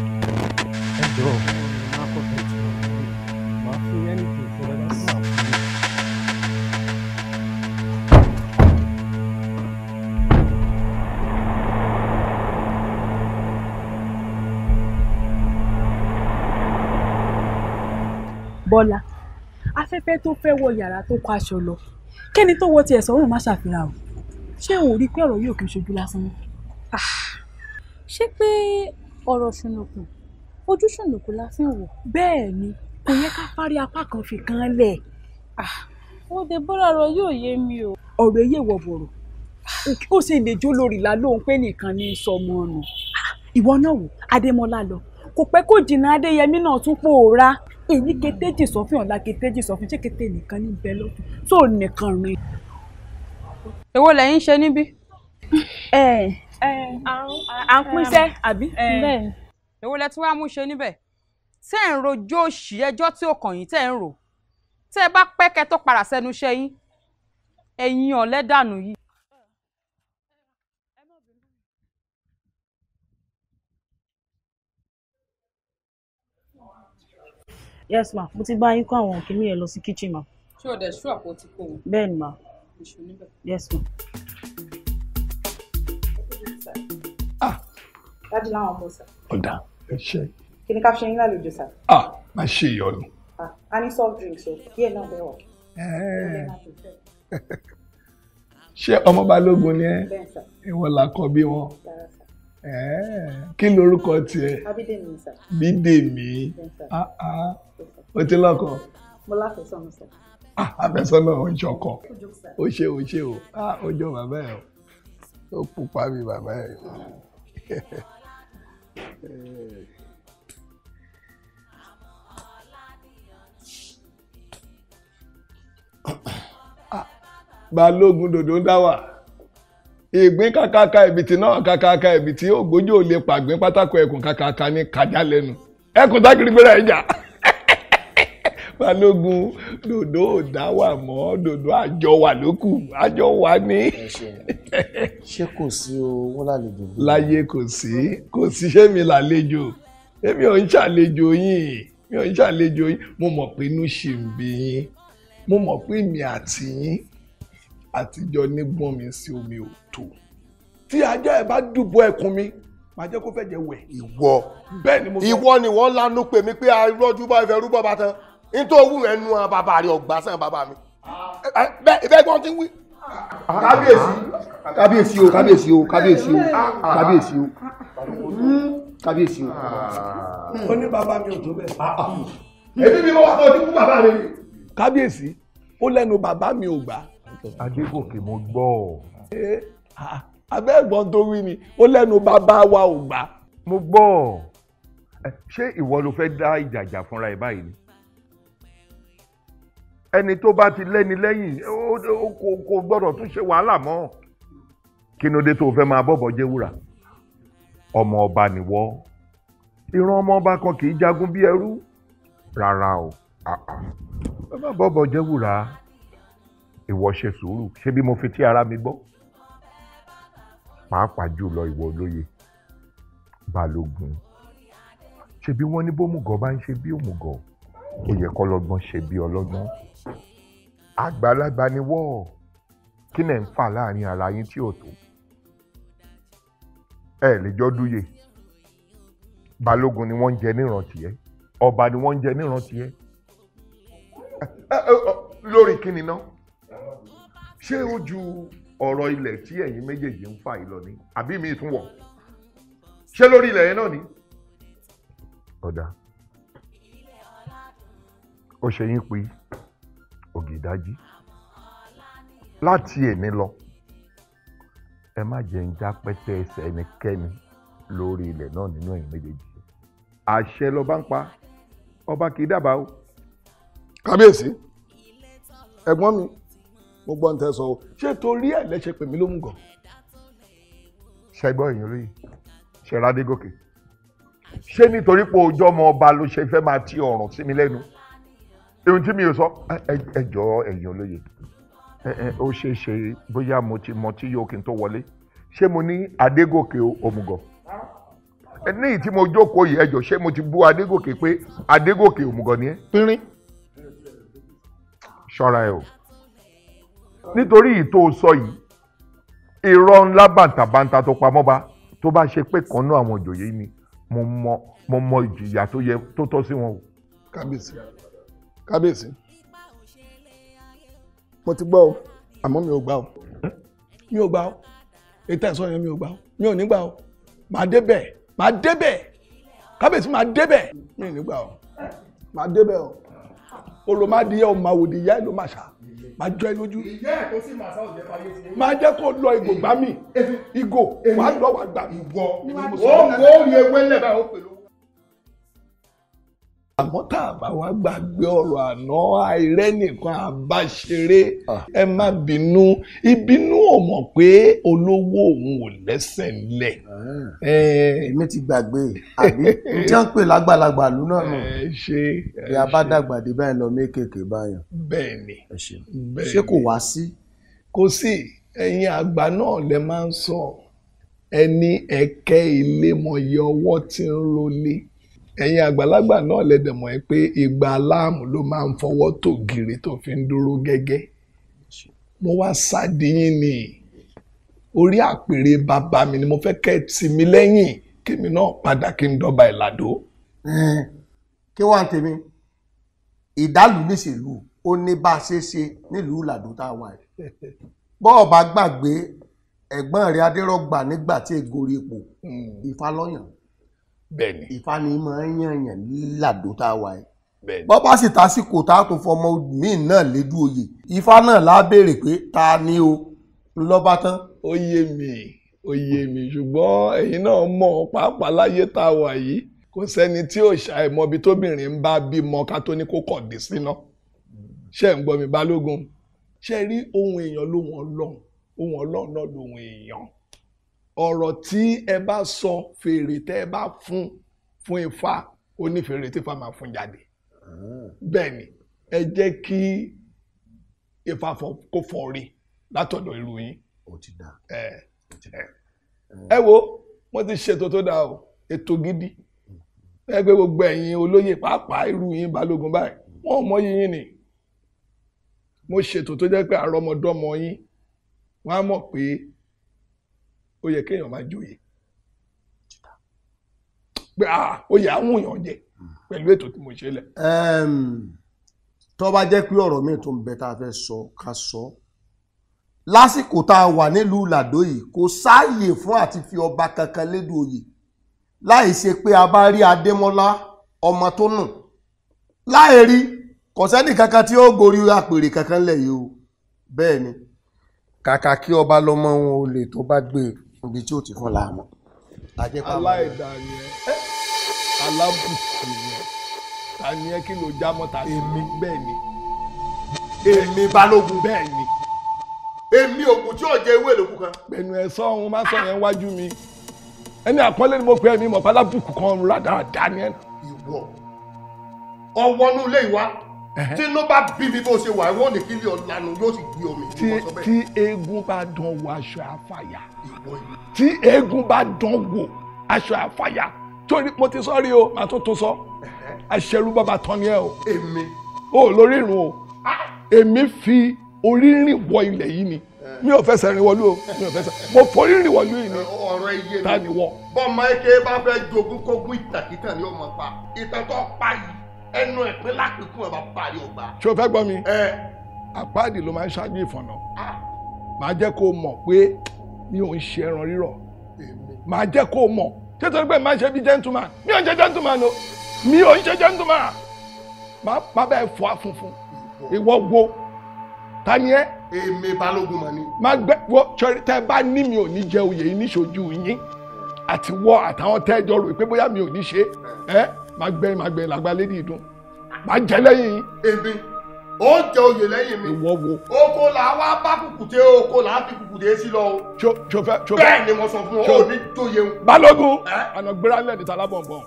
Bọ́lá afẹ́fẹ́ tó fẹ́ wọ yàrá tó kọ aṣọ lọ kẹ́ni tó wọ tiẹ̀ sọ́rùn má ṣàfihàn o ṣé o rí pé ọ̀rọ̀ yóò kí n ṣojú lásán. Ah, ṣé pé ọ̀rọ̀ ṣùnùkùn ojú ṣùnùkùn la fi ń wò. bẹ́ẹ̀ ni kò yẹ ká fárí apá kan fi kan lẹ̀. Ah, wọ́n dé bọ́lá ọ̀rọ̀ yóò yé mi o. ọ̀rọ̀ eyé wọ bọ̀rọ̀ ó sì lè jó lórí la lóhun pé nìkan ní í sọmọ ọ̀nà ìwọ náà wò adémọlá lọ kò pẹ́ kó jìnnà adéyẹmí náà tún pòórá èmi keteji sọ fún ọ̀la keteji sọ fún ṣé kété nìkan ní bẹ́ẹ̀ lọ́tún tó nìkan rìn. èwo lẹ́yìn ṣe níbí. ẹ ẹ à ń pínṣẹ́ àbí. èwo lẹ tí wàá mú ṣe níbẹ̀ tẹ́ ẹ̀ ń rojọ́ òṣì ẹjọ́ tí ò kàn yín tẹ́ ẹ̀ ń rò tẹ́ ẹ bá pẹ́kẹ́ tó para sẹ́nu ṣẹ́yìn ẹ̀yin ọ̀lẹ́dànù yìí. yes ma mo ti bá yín kó àwọn kìnìún yẹn lọ sí kitchen ma. ṣé o dẹ̀ ṣú àpótí kò wọ́n. bẹ́ẹ̀ ni ma. yes ma. Ah! dájú láwọn ọmọ sà. ọ̀dà ẹ ṣe. kí ni ká ṣe yín lálejò sà. ah má ṣe ìyọnu. Ah, a ní soft drinks o díẹ̀ náà bẹ́ẹ̀ wọ̀. ṣé ọmọ balógun ni ẹ ìwọ làkọ bí wọn kí lorúkọ tiẹ̀ bídèmí ah, ah. o ti lọ́kọ. mo láfẹsọ̀nà sọ. Ah, àfẹsọ̀nà ò ń ṣọkọ ó ṣe ó ṣe ó ó jọ bàbá ẹ̀ o pupa bí bàbá ẹ̀. Balógun dòdò ń dá ìgbín kàkàkà ìbìtì náà kàkàkà ìbìtì ògbójú ò lè pàgbín pátákó ẹkùn kàkàkà ní kàjá lẹ́nu ẹkùn tákìrì gbéra ẹjà balógun dòdò òdá wà mọ dòdò àjọ wà lókù àjọ wà ní. ṣé kò sí owó lálejò. láyé kò sí kò sí ṣé mi lálejò èmi ò ń ṣàlejò yín mi ò ń ṣàlejò yín mo mọ̀ pé inú ṣì ń bí yín mo mọ̀ pé mi àti yín àtijọ́ nígbọ́n mi sí omi ò tó tí ajá ẹ bá dùbò ẹkùn mi màá jẹ́ kó fẹ́ jẹ wẹ̀. ìwọ bẹ́ẹ̀ ni mo sọ. ìwọ ni wọ́n lanu pè mí pé arọ́jú bá ìfẹ́ rúbọ bá tán nítorí òwú ẹnu bàbá rẹ ọ̀gbà sàn bàbá mi. bẹ́ẹ̀ ìfẹ́ gbọ́n ti wí. kábíyèsí kábíyèsí o kábíyèsí o kábíyèsí o ah. kábíyèsí o kábíyèsí o. Ah. ó ní bàbá mi ò tó bẹ́ẹ̀. Ah, èmi ni mo wà tó ti kú bàbá mi. kábíyèsí ó lẹ́nu bàbá mi ò gbà á adégòkè mo gbọ́ ọ. Ah, abẹ́gbọ́n tó wí ni ó lẹ́nu bàbá wa ò gbà. mo gbọ́ ọ ṣé ìwọ ló fẹ́ dá ìjàjà fúnra ẹ̀ báyìí ni ẹni tó bá ti lẹ́ni lẹ́yìn kò gbọ́dọ̀ tún ṣe wàhálà mọ́ kí ni ó dé tó o fẹ́ máa bọ́bọ̀ jẹ́ wúrà ọmọ ọba nìwọ ìran ọmọ ọba kan kì í jagun bí ẹrú rárá o ẹ má bọ́bọ̀ jẹ́ wúrà ìwọ ṣe sùúrù ṣé bí mo fi tí ara mi gbọ́ pàápàá jùlọ ìwọ olóye balógun ṣe bí wọ́n ní bómùgọ̀ bá ń ṣe bí òmùgọ̀ ó yẹ kọ́lọ́gbọ́n ṣe bí ọlọ́gbọ́n àgbàlagbà ni wọ́ kí lẹ̀ ń fà láàrin ara yín tí ò tó ẹ lè jọ dúye balógun ni wọ́n ń jẹ nírántí ẹ ọba ni wọ́n ń jẹ nírántí ẹ lórí kíni náà ṣé ó ju ọ̀rọ̀ ilẹ̀ tí ẹ̀yin méjèèjì ń fà yìí lọ ni àbí mi tún wọ̀ ṣé lórí ilẹ̀ yẹn náà ni. ọ̀dà ó ṣe yín pé ògìdájí láti èmi lọ ẹ má jẹ́ ń já pẹ́tẹ́ ẹsẹ̀ ẹnikẹ́ni lórí ilẹ̀ náà nínú ẹ̀yin méjèèjì àṣẹ lọ́ba ń pa ọba kì í dábàá o. kábíyèsí ẹ̀gbọ́n mi mo gbọ́ ń tẹ́ sọ o ṣé torí ẹ̀ lẹ́sẹ̀ pèmí ló ń gàn. ṣẹgbọ́n èèyàn lóye ṣẹlá adégòkè ṣé nítorí pé ojú ọmọ ọba ló ṣe fẹ́ máa ti ọ̀ràn sí mi lẹ́nu ohun tí mi ò sọ ẹ jọ̀ọ́ èèyàn lóye ó ṣeé ṣe bóyá mo ti mọ tí yóò kí n tó wọlé ṣé mo ní adégòkè òmùgọ̀ ní ìtí mo jókòó yìí ẹ ṣé mo ti bú adégòkè pé adégòkè òmùgọ̀ ni ẹ. pínrín. ṣọ́ra ẹ o nítorí ìtò sọ yìí irọ́ ńlá bàǹtàbàǹtà tó pamọ́ bá tó bá ṣe pé kan náà àwọn ìjòyè ni mo mọ mo mọ ìjìyà tó yẹ tó tọ́ sí wọn o. kábíyèsí kábíyèsí mo ti gbọ́ o àmọ́ mi ò gbà o mi ò gbà o ètò ẹ̀sọ́ yẹn mi ò gbà o mi ò ní gbà o màá débẹ̀ màá débẹ̀ kábíyèsí màá débẹ̀ mi ò ní gbà o màá débẹ̀ o olùmọ̀ adìyẹ ò máa wò di ìyá ẹ̀ ló máa jọ ẹ lójú. ìyá ẹ̀ tó sì máa sáwọ́ jẹ́ fayé fún mi. máa jẹ́ kó lọ ìgò gbá mi ìgò wàá lọ wàá gbà mí. ìwọ wo ni ewé lẹ́bàá ó pè àmọ́ tá a bá wá gbàgbé ọ̀rọ̀ àná àìrẹ́ nìkan àbáṣeré ah. ẹ má bínú ìbínú ò mọ̀ pé olówó òun ò lẹ́sẹ̀ ńlẹ̀. Ah. èmi ti gbàgbé àbí tí wọ́n ń pè lágbàlagbà lù náà nù ṣe bí a bá dàgbà dé báyìí lọ mékèké báyìí. bẹ́ẹ̀ni bẹ́ẹ̀ni ṣé kò wá sí. kò sí ẹ̀yin àgbà náà lè máa ń sọ ẹni ẹ̀kẹ́ ilé mọ̀yẹ ọwọ́ tí ń rolé ẹ̀yin àgbàlagbà náà lẹ́dẹ̀ mọ̀ ẹ́ pé ìgbà aláàmù ló máa ń fọwọ́ tó gírí tó fi ń dúró gẹ́gẹ́ mo wá sádìyín ni orí àpèrè bàbá mi ni mo fẹ́ kẹ́ ẹ tì mí lẹ́yìn kémi náà padà kí n dọ́ba ìlàdó. kí wọ́n á tèmi ìdálù níṣèlú ó ní bá a ṣe ṣe nílùú ìlàdó tá a wà yìí bọ́ọ̀ gbàgbé ẹ̀gbọ́n rẹ̀ adérọ́gbà nígbà tí ègòrè hmm. ipò ìfalọ́yàn. Mm bẹ́ẹ̀ni Ifá ni máa ń yànyàn ládò tá a wà yìí bẹ́ẹ̀ni bọ́pá sì tásìkò tá a tó fọmọ míì náà lédú oyè Ifá náà la béèrè pé ta ni o lọ́ba tán. ó yé mi ó yé mi ṣùgbọ́n ẹ̀yin náà mọ̀ pàápàá láyé tá a wà yìí kò sẹ́ni tí ò ṣàìmọ̀ ibi tóbìnrin ń bá bímọ ká tó ní kó kọ̀ dé síná ṣe ń gbọ́ mi balógun ṣe rí ohun èèyàn lóhun ọlọ́run ohun ọlọ́run náà lóhun èèyàn ọ̀rọ̀ tí ẹ bá sọ fèrè tẹ́ ẹ bá fún fún ifá ó ní fèrè tí ifá máa fún jáde hmm. bẹ́ẹ̀ ni ẹ jẹ́ kí ifá kó fọ́ rí látọ̀dọ̀ irú yín. ó ti dà ẹ wo wọ́n ti ṣètò tó dáa o ètò gidi ẹ gbé gbogbo ẹ̀yin olóyè pàápàá irú yín balógun báyìí wọ́n mọ yín ni mo ṣètò tó jẹ́ pé àrọ́mọdọ́mọ yín wọ́n á mọ̀ pé ó yẹ kéèyàn máa joyè pé ah, ó yẹ àwọn èèyàn jẹ hmm. pẹ̀lú ètò tí mo ṣe lẹ̀. tó bá jẹ́ pé ọ̀rọ̀ mi tó ń bẹ tá a fẹ́ sọ ká sọ lásìkò tá a wà nílùú làdó yìí kò sáàyè fún àti fi ọba kankan lédò oyè láì ṣe pé a bá rí adémọ́lá ọmọ tó nù láì rí kò kankan tí ó gorí àpèrè kankan lẹ̀ yìí o bẹ́ẹ̀ ni kàkà kí ọba lọ́mọ wọn ò lè tó bá gbé e ibi tí ó ti fún la mọ̀. aláìda yẹn alábùkù yẹn ta ni ẹ kí ló já mọ́ ta sí mi bẹ́ẹ̀ ni èmi balógun bẹ́ẹ̀ ni èmi ògùn tí ò jẹ ewé lókun kan. pẹ̀lú ẹ̀sọ́ ọ̀hún má sọ yẹn wájú mi ẹni àpọ́nlé ni mo pè é mi mọ̀ pálábùkù kan rúra dáadáa ni ẹ̀. ìwọ ọwọ́nú lè wá tínú bá bí mi bó ṣe wà wọn ní kí lè lanu yóò sì gbé omi. tí tí eégún bá dán wo aṣọ àfàyà tí eégún bá dán wo aṣọ àfàyà torí mo ti sọ rí o màá tún tún sọ aṣẹrú bàbá tán ni ẹ o. èmi. o lórí irun o ah! èmi fi orí rìn wọ ilẹ̀ yìí ni eh. mi ò fẹsẹ̀ rìn wọlú o mi ò fẹsẹ̀ mo forí rìn wọlú yìí ni eh, ọ̀rọ̀ ni ta ni wọ. bọ́ọ̀mọ eke bá fẹ́ jogún kógún ìtàkìtà ni ó mọ̀ pa ìtàkọ́ pa yìí ẹnu ẹ̀pẹ́ lápẹ̀kún ẹ̀ máa parí ọgbà. ṣé o fẹ́ gbọ́ mi. ẹ àpáàdì ló máa ń ṣáájú ìfọ̀nà ah. màá jẹ́ kó o mọ̀ pé mi ò ń ṣe ẹran rírọ̀ màá jẹ́ kó o mọ̀ ṣé torí pé màá ṣe bí gentleman mi ò ń ṣe gentleman o mi ò ń ṣe gentleman màá bẹ́ẹ̀ fọ́ afunfun ìwọ wo ta ni ẹ. èmi balógun mọ̀ ni. má gbẹ wọ sọrí tẹ bá ní mi ò ní jẹ oyè yìí níṣojú yín àti wọ àtàwọn tẹjọ rò pé bóyá mi ò ní ṣe ẹ. Eh? máa gbẹ́yìn máa gbẹ́yìn làgbà lédi ìdún máa jẹ́ lẹ́yìn èmi ó jẹ oyè lẹ́yìn mi. ìwọ wo. oko là wá bá kùkùté oko là fi kùkùté sí lọ tso tso fẹ tso fẹ. bẹ́ẹ̀ ni mo sọ fún ọ ò ní jóye o. balógun ọ̀nà gbéra ní Talabọ̀nbọ̀n.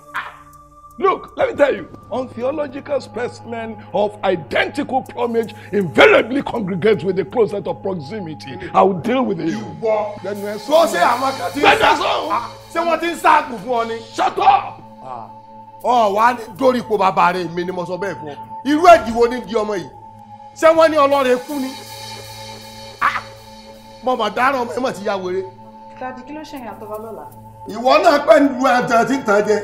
Look, let me tell you, untheological specimen of identical plumage invariably congregate with a close set of proximity. I will deal with it. Ìwọ lẹnu ẹ sọ. Wọ́n ṣe àwọn kan ti ń ah, Ṣé wọ́n ti ń sáàkù fún ọ ni? Shut up! Ah ọ wá dórí ipò bàbá rẹ mi ni mo sọ bẹ́ẹ̀ fún ọ irú ẹ̀dìwọ́ ní di ọmọ yìí ṣé wọ́n ní ọlọ́rẹ̀ kú ni mo mà dáràn ọmọ ẹ mà ti ya wèrè. dadi kí ló ṣe ìyàn tó bá lọ́la. ìwọ náà pẹ́ ń lu ẹ̀jẹ̀ tí ń tàn jẹ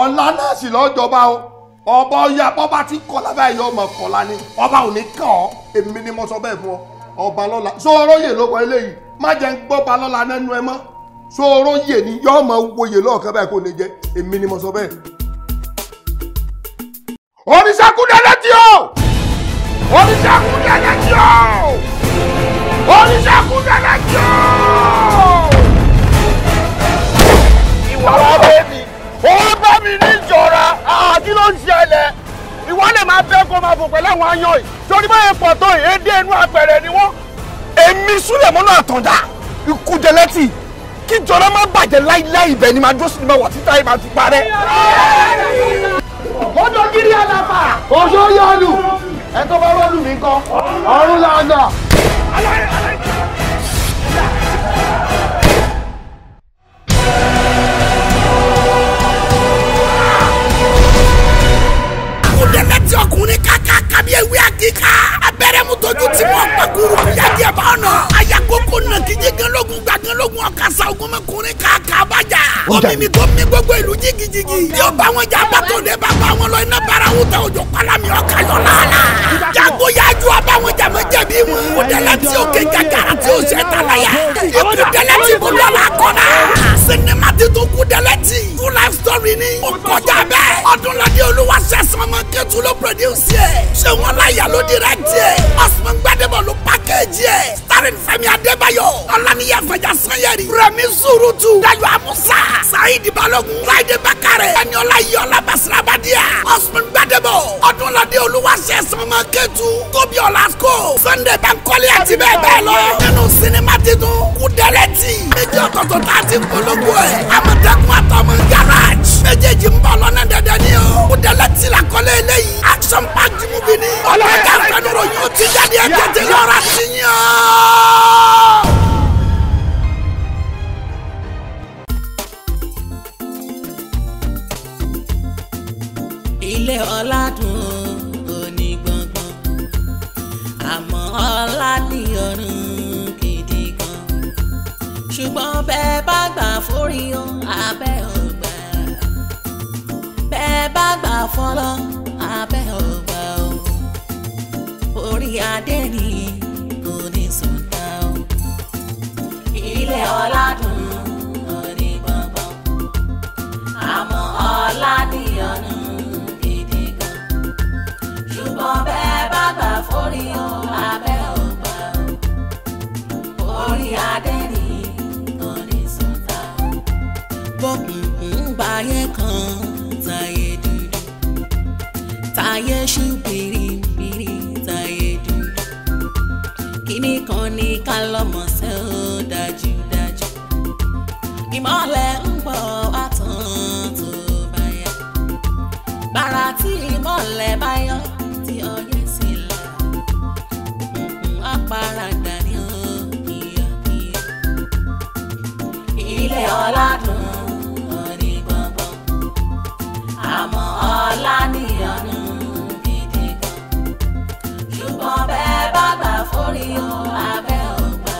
ọ̀la náà sì lọ́jọba o ọba ọya bọ́ba tí kọ́ lábẹ́ ẹ̀yọ́ ọmọ kọ́lá ni ọba ò ní kàn ọ́ èmi ni mo sọ bẹ́ẹ̀ fún ọ ọba lọ́la sọ̀rọ̀ yè ló kọ́ eléyìí má jẹ́ ń gbọ́ba lọ́la nẹ́nu ẹ mọ́ sọ̀rọ̀ yè ni yọ́ wòye lọ́ọ̀kan báyìí kò ní jẹ́ èmi ni mo sọ bẹ́ẹ̀ oníṣàkúndẹ̀lẹ̀ tí o oníṣàkúndẹ̀lẹ̀ tí o oníṣàkúndẹ̀lẹ̀ tí o. ìwà wa bẹ mi ó bá mi ní ìjọra kí ló ń ṣẹlẹ̀ ìwọ lè máa bẹ́ kó máa fò pẹ̀lú àwọn ayan yìí torí báyìí pọ̀ tó yìí édé inú apẹ̀rẹ̀ ni wọ́n. èmi súlẹ̀ mọ́nà àtọ̀dá ikú jẹlẹ́tì kí jọlá má bàjẹ́ láíláí ibẹ̀ ni màá dúró sí wà títà yìí màá ti parẹ́ ó dọ̀gírí àlàfà oṣó yọlù ẹ tó bá rọ́ọ̀lù mi kọ́ ọ̀run làǹdà. ọkùnrin kàkà kàbí ewé àkíkà abẹ́rẹ́ mu tójú tí mo pa kuru ya díẹ̀ bá ọ̀nà. ayakoko nà kìjì gẹlógún gba gẹlógún ọ̀kasà ogunmọkùnrin ká kábàjà. omi mi tó mi gbogbo ìlú jigijigi. bí o bá wọn jà bàtò de bá bá wọn lọ iná bara wọn ta òjò kpalami ọkà yọ lánà. jago yájú a bá wọn jàmọ jẹbi wọn. o dẹlẹ tí o ké jàkàrà tí o sẹ ta la yà. ikú dẹlẹ tí mo lọ la sinima ti tó kú dẹlẹ tí. two life story ni. o kọjá bẹ́ẹ̀. ọdún ladi olúwa sẹ́sán ma kẹ́tù ló produce yẹ. sẹ́wọ́n la yàló direct yẹ dé Osman Gbadebo ló pàkéjì ẹ̀ starring Fẹ́mi Adébáyọ̀ ọ̀lànìyà fẹjà sanyẹri Rẹ̀mí Surutu Dayọ̀ Amusa Saheed Balogun Láìdé Bákàrẹ̀ Ẹniọlá Iyọlá Basirabadia Osman Gbadebo Ọdúnladé Olúwaṣẹ́ Sọmọ Kẹ́tu Tóbi Ọ̀làkó Sunday Bankole àti bẹ́ẹ̀ bẹ́ẹ̀ lọ nínú sinimá titun Kúdẹ́lẹ́tì méjì ọ̀tọ̀ọ̀tọ̀ tá a ti polongo ẹ̀ Àmọ̀tẹ́kùn àtọmọ yàrá méjèèjì ń bọ̀ lọ́nà dandan ni o. o dẹ́lẹ̀ ti la kọ́lé eléyìí. action pack jumu bi ni. ọlọ́run ká fẹnuro yín o ti jáde ẹgbẹ́ ti yọra sí yín ilé ọ̀làdùn òní àmọ́ ọ̀là ní ọ̀run gidi gan ṣùgbọ́n bẹ́ẹ̀ bá gbà fórí o abẹ́. àfọlọ́ abẹ́ ọba o orí adé ni kò ní sọ̀tà o ilé ọ̀làdùn ọ̀rí gbọ̀ngbọ̀n àmọ́ ọ̀làdìyànnú gidi gan ṣùgbọ́n bẹ́ẹ̀ bá gbà forí o abẹ́ ọba o orí adé ni kò ní sọ̀tà o bọ́ọ̀kùnkùn gbáyé kan ayéṣubiri biri tayedu kíní kan ní kálọ̀mọ̀sẹ́ ó dájúdájú ìmọ̀lẹ̀ ń bọ̀ wá tán tó bá yá bàrà tí ìmọ̀lẹ̀ bá yọ tí ọyẹ́ sì là àparadà ní òkìyàkìyà ilé ọ̀làdùn ọ̀rí gbọ̀ngbọ̀n àmọ́ ọ̀là níyànjú. orí o abẹ́ ọ̀pá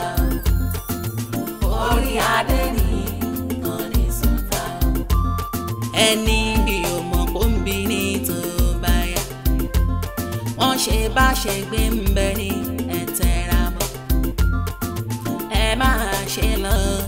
orí adé ni ìkànnì Sunta. ẹni bí o kó ń bi ní tó bá yá wọ́n ṣe bá ṣe gbé ń bẹ ní ẹ̀tẹ̀ra bọ̀ ẹ máa ṣe lọ́ọ́.